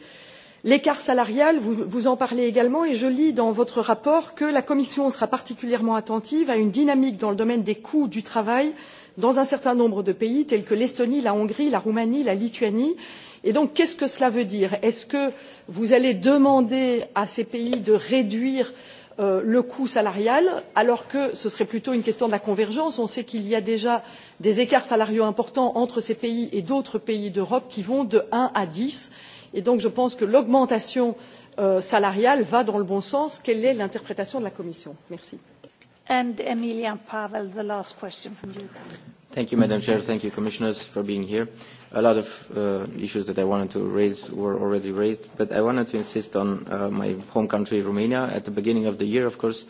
l'écart salarial vous, vous en parlez également et je lis dans votre rapport que la commission sera particulièrement attentive à une dynamique dans le domaine des coûts du travail dans un certain nombre de pays tels que l'estonie la hongrie la roumanie la lituanie et donc qu'est ce que cela veut dire? est ce que vous allez demander à ces pays de réduire euh, le coût salarial alors que ce serait plutôt une question de la convergence on sait qu'il y a déjà des écarts salariaux importants entre ces pays et d'autres pays d'europe qui vont de un à dix et donc je pense que l'augmentation euh, salariale va dans le bon sens. quelle est l'interprétation de la commission? merci. And Emilia Pavel, the last question from you. Thank you, Madam Chair. Thank you, Commissioners, for being here. A lot of uh, issues that I wanted to raise were already raised, but I wanted to insist on uh, my home country, Romania. At the beginning of the year, of course,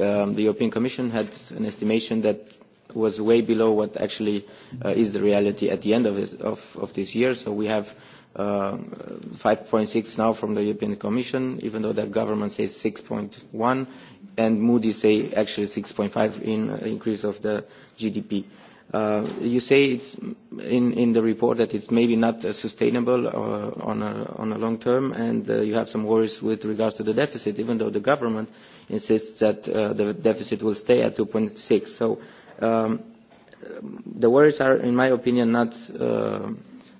um, the European Commission had an estimation that was way below what actually uh, is the reality at the end of, his, of, of this year. So we have uh, 5.6 now from the European Commission, even though the government says 6.1 and Moody's say actually 6.5 in uh, increase of the GDP. Uh, you say it's in, in the report that it's maybe not uh, sustainable uh, on, a, on a long term, and uh, you have some worries with regards to the deficit, even though the government insists that uh, the deficit will stay at 2.6. So um, the worries are, in my opinion, not uh,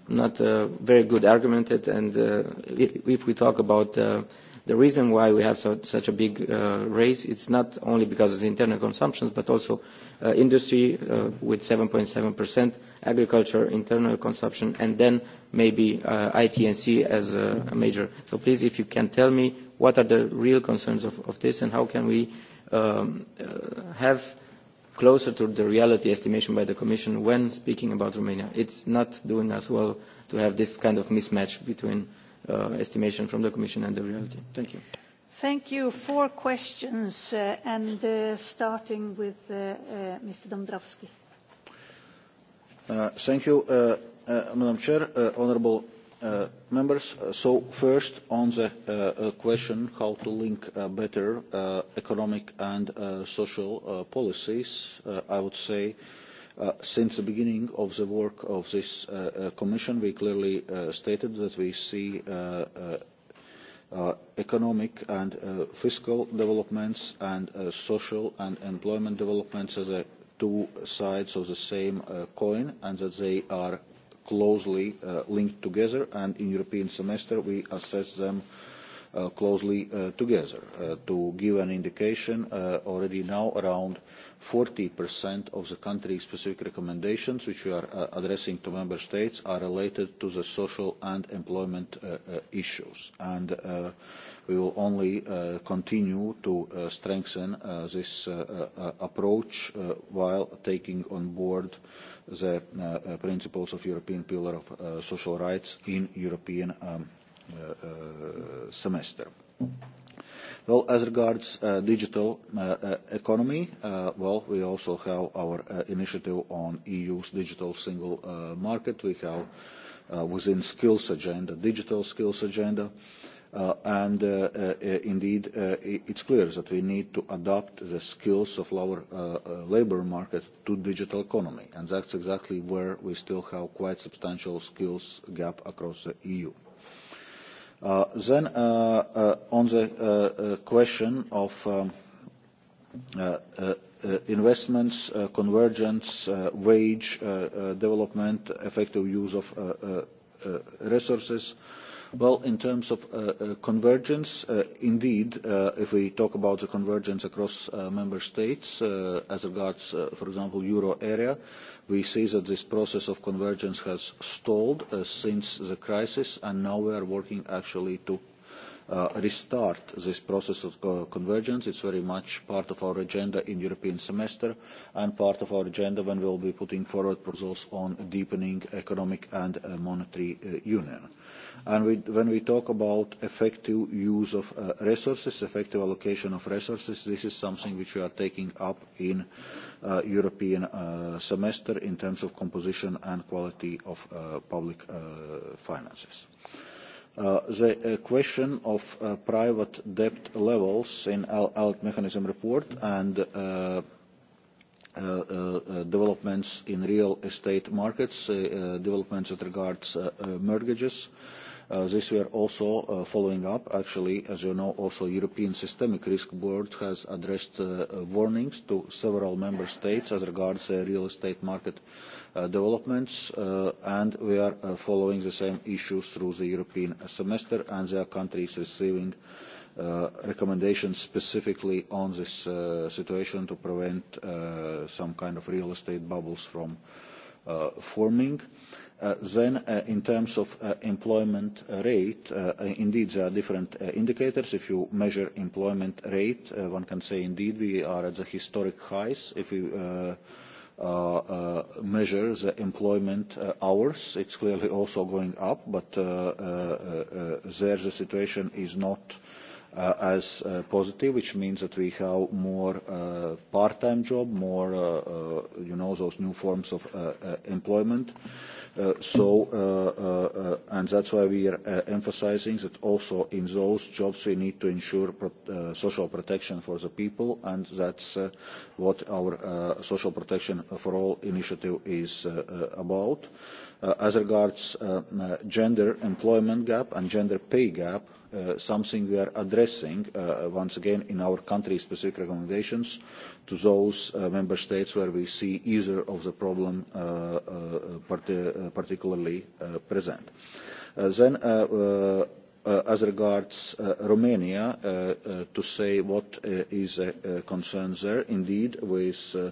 not uh, very good argumented, and uh, if, if we talk about uh, The reason why we have so, such a big uh, raise, it's not only because of the internal consumption, but also uh, industry uh, with 7.7%, agriculture, internal consumption, and then maybe uh, IT and C as a, a major. So please, if you can tell me what are the real concerns of, of this and how can we um, uh, have closer to the reality estimation by the Commission when speaking about Romania. It's not doing us well to have this kind of mismatch between uh, uh, estimation from the Commission and the reality. Thank you. Thank you. Four questions, uh, and uh, starting with uh, uh, Mr. Dombrovskis. Uh, thank you, uh, uh, Madam Chair, uh, honourable uh, members. Uh, so first, on the uh, uh, question how to link uh, better uh, economic and uh, social uh, policies, uh, I would say uh, Uh, since the beginning of the work of this uh, uh, Commission, we clearly uh, stated that we see uh, uh, uh, economic and uh, fiscal developments and uh, social and employment developments as a two sides of the same uh, coin and that they are closely uh, linked together and in European semester we assess them uh, uh, closely uh, together. Uh, to give an indication, uh, already now around 40% of the country-specific recommendations which we are uh, addressing to member states are related to the social and employment uh, uh, issues. And uh, we will only uh, continue to uh, strengthen uh, this uh, uh, uh approach uh, while taking on board the uh, uh, principles of European Pillar of uh, Social Rights in European um, Uh, semester. Well, as regards uh, digital uh, uh, economy, uh, well, we also have our uh, initiative on EU's digital single market. We have within skills agenda, digital skills agenda. And, indeed, it's clear that we need to adapt the skills of our labor market to digital economy, and that's exactly where we still have quite substantial skills gap across the EU. Uh, then uh, uh, on the uh, uh, question of um, uh, investments, convergence, wage development, effective use of resources, Well, in terms of uh, uh, convergence, uh, indeed, uh, if we talk about the convergence across uh, member states uh, as regards, uh, for example, euro area, we see that this process of convergence has stalled uh, since the crisis, and now we are working actually to uh, restart this process of co convergence. It's very much part of our agenda in European semester and part of our agenda when we'll be putting forward proposals on deepening economic and uh, monetary uh, union. And we, when we talk about effective use of uh, resources, effective allocation of resources, this is something which we are taking up in uh, European uh, semester in terms of composition and quality of uh, public uh, finances. Uh, the uh, question of uh, private debt levels in ALT mechanism report and uh, uh, uh, developments in real estate markets, uh, uh, developments that regards uh, uh, mortgages, uh, Uh, this we are also uh, following up. Actually, as you know, also European Systemic Risk Board has addressed uh, uh warnings to several member states as regards uh, real estate market uh, developments, uh, and we are uh, following the same issues through the European semester, and there are countries receiving uh, recommendations specifically on this uh, situation to prevent uh, some kind of real estate bubbles from uh, forming. Uh, Uh, then uh, in terms of uh, employment rate, uh, uh, indeed, there are different uh, indicators. If you measure employment rate, one can say indeed we are at the historic highs. If we measure the employment hours, it's clearly also going up, but there the situation is not uh, as uh, positive, which means that we have more uh, part-time job, more, uh, uh, you know, those new forms of uh, uh, employment. Uh, so, uh, uh, uh, and that's why we are uh, emphasizing that also in those jobs we need to ensure pro uh, social protection for the people, and that's uh, what our uh, social protection for all initiative is uh, uh, about. Uh, as regards uh, uh, gender employment gap and gender pay gap, uh, uh, something we are addressing uh, once again in our country-specific recommendations to those uh, member states where we see either of the problem uh, uh, part uh, particularly uh, present. Uh, then uh, uh, Uh, as regards uh, Romania, uh, uh to say what uh, is a concern there. Indeed, with uh,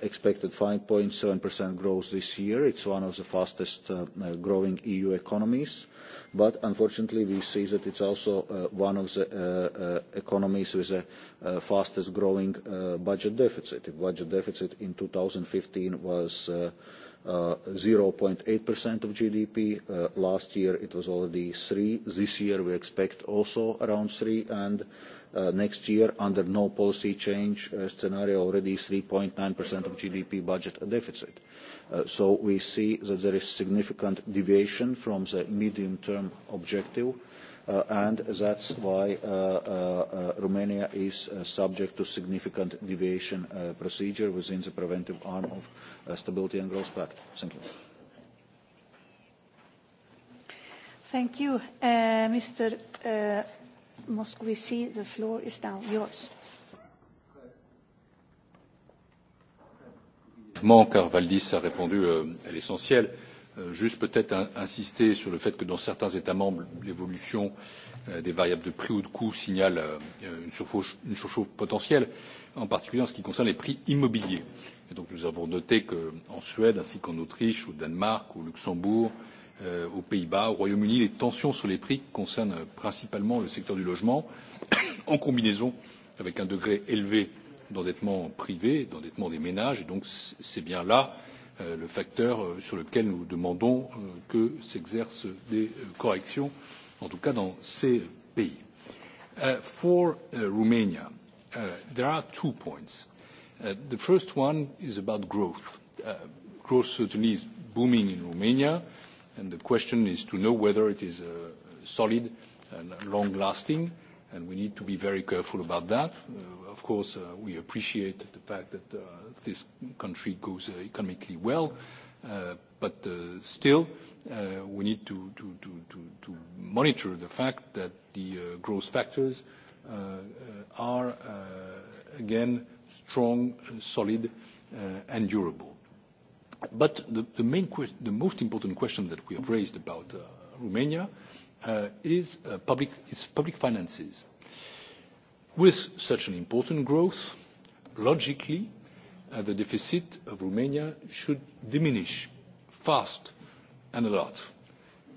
expected 5.7% growth this year, it's one of the fastest growing EU economies. But unfortunately, we see that it's also uh, one of the uh, uh, economies with the uh, fastest growing uh, budget deficit. The budget deficit in 2015 was uh, uh, 0.8% of GDP. Uh, last year, it was already 3. This year, we expect also around 3, and Uh, next year under no policy change uh, scenario already 3.9% of GDP budget deficit. Uh, so we see that there is significant deviation from the medium-term objective, uh, and that's why uh, uh, Romania is subject to significant deviation procedure within the preventive arm of Stability and Growth Pact. Thank you. Thank you. Mr. Moscovici, the floor is now yours. car Valdis a répondu euh, à l'essentiel. Euh, juste peut-être insister sur le fait que dans certains États membres, l'évolution euh, des variables de prix ou de coût signale euh, une, surchauffe, une surchauffe potentielle, en particulier en ce qui concerne les prix immobiliers. Et donc nous avons noté qu'en Suède, ainsi qu'en Autriche, au Danemark, au Luxembourg, euh, Euh, aux Pays-Bas, au Royaume-Uni, les tensions sur les prix concernent euh, principalement le secteur du logement, <coughs> en combinaison avec un degré élevé d'endettement privé, d'endettement des ménages. C'est donc bien là euh, le facteur sur lequel nous demandons que s'exercent des corrections, en tout cas dans ces pays. Uh, for uh, Romania, uh, there are two points. Uh, the first one is about growth. Uh, growth certainly is booming in Romania and the question is to know whether it is uh, solid and long-lasting, and we need to be very careful about that. Uh, of course, uh, we appreciate the fact that this country goes economically well, but still, we need to, to, to, to monitor the fact that the growth factors are again strong, solid, and durable. But the, the, main the most important question that we have raised about uh, Romania uh, is, uh, public, is public finances. With such an important growth, logically, uh, the deficit of Romania should diminish fast and a lot.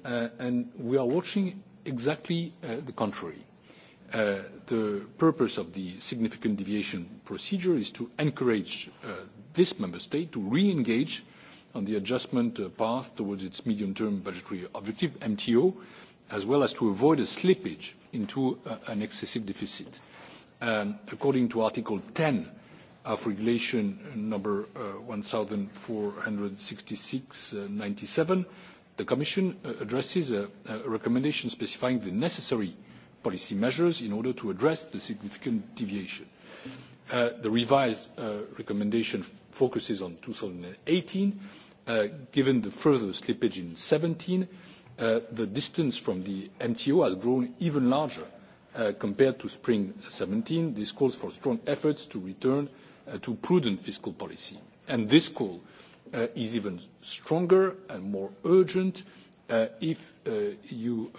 Uh, and we are watching exactly uh, the contrary. The purpose of the significant deviation procedure is to encourage this member state to re-engage on the adjustment uh, path towards its medium-term budgetary objective, MTO, as well as to avoid a slippage into uh, an excessive deficit. Um, according to Article 10 of Regulation uh, number uh, 1466/97, the Commission addresses a, a recommendation specifying the necessary policy measures in order to address the significant deviation. Uh, the revised uh, recommendation focuses on 2018 Uh, given the further slippage in 2017, uh, the distance from the MTO has grown even larger uh, compared to spring 2017. This calls for strong efforts to return uh, to prudent fiscal policy. And this call uh, is even stronger and more urgent uh, if you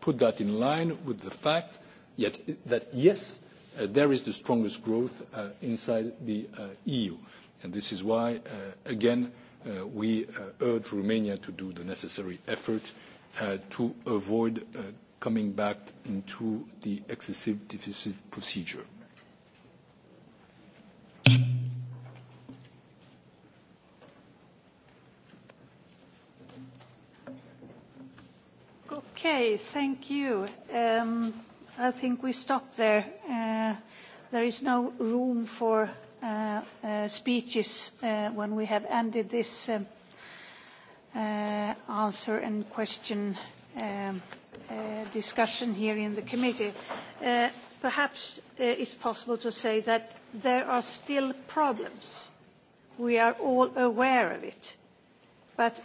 put that in line with the fact yet, that, yes, there is the strongest growth inside the EU. And this is why, again, Uh, we uh, urge Romania to do the necessary effort uh, to avoid coming back into the excessive deficit procedure. Okay, thank you. Um, I think we stop there. Uh, there is no room for uh, uh, speeches uh, when we have ended this uh, uh, answer and question um, uh, discussion here in the committee. Uh, perhaps uh, it's possible to say that there are still problems. We are all aware of it, but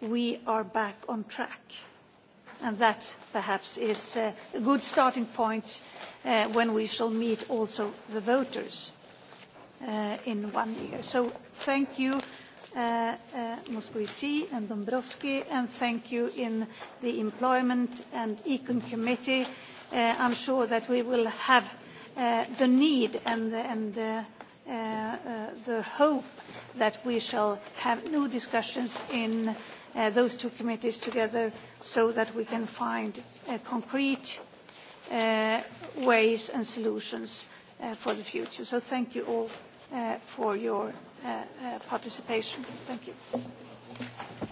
we are back on track and that perhaps is uh, a good starting point uh, when we shall meet also the voters uh, in one year. So thank you, uh, uh, Moscovici and Dombrovski, and thank you in the Employment and Econ Committee. Uh, I'm sure that we will have uh, the need and, and uh, uh, uh, the hope that we shall have new discussions in uh, those two committees together so that we can find uh, concrete uh, ways and solutions uh, for the future. So thank you all uh, for your uh, uh, participation. Thank you.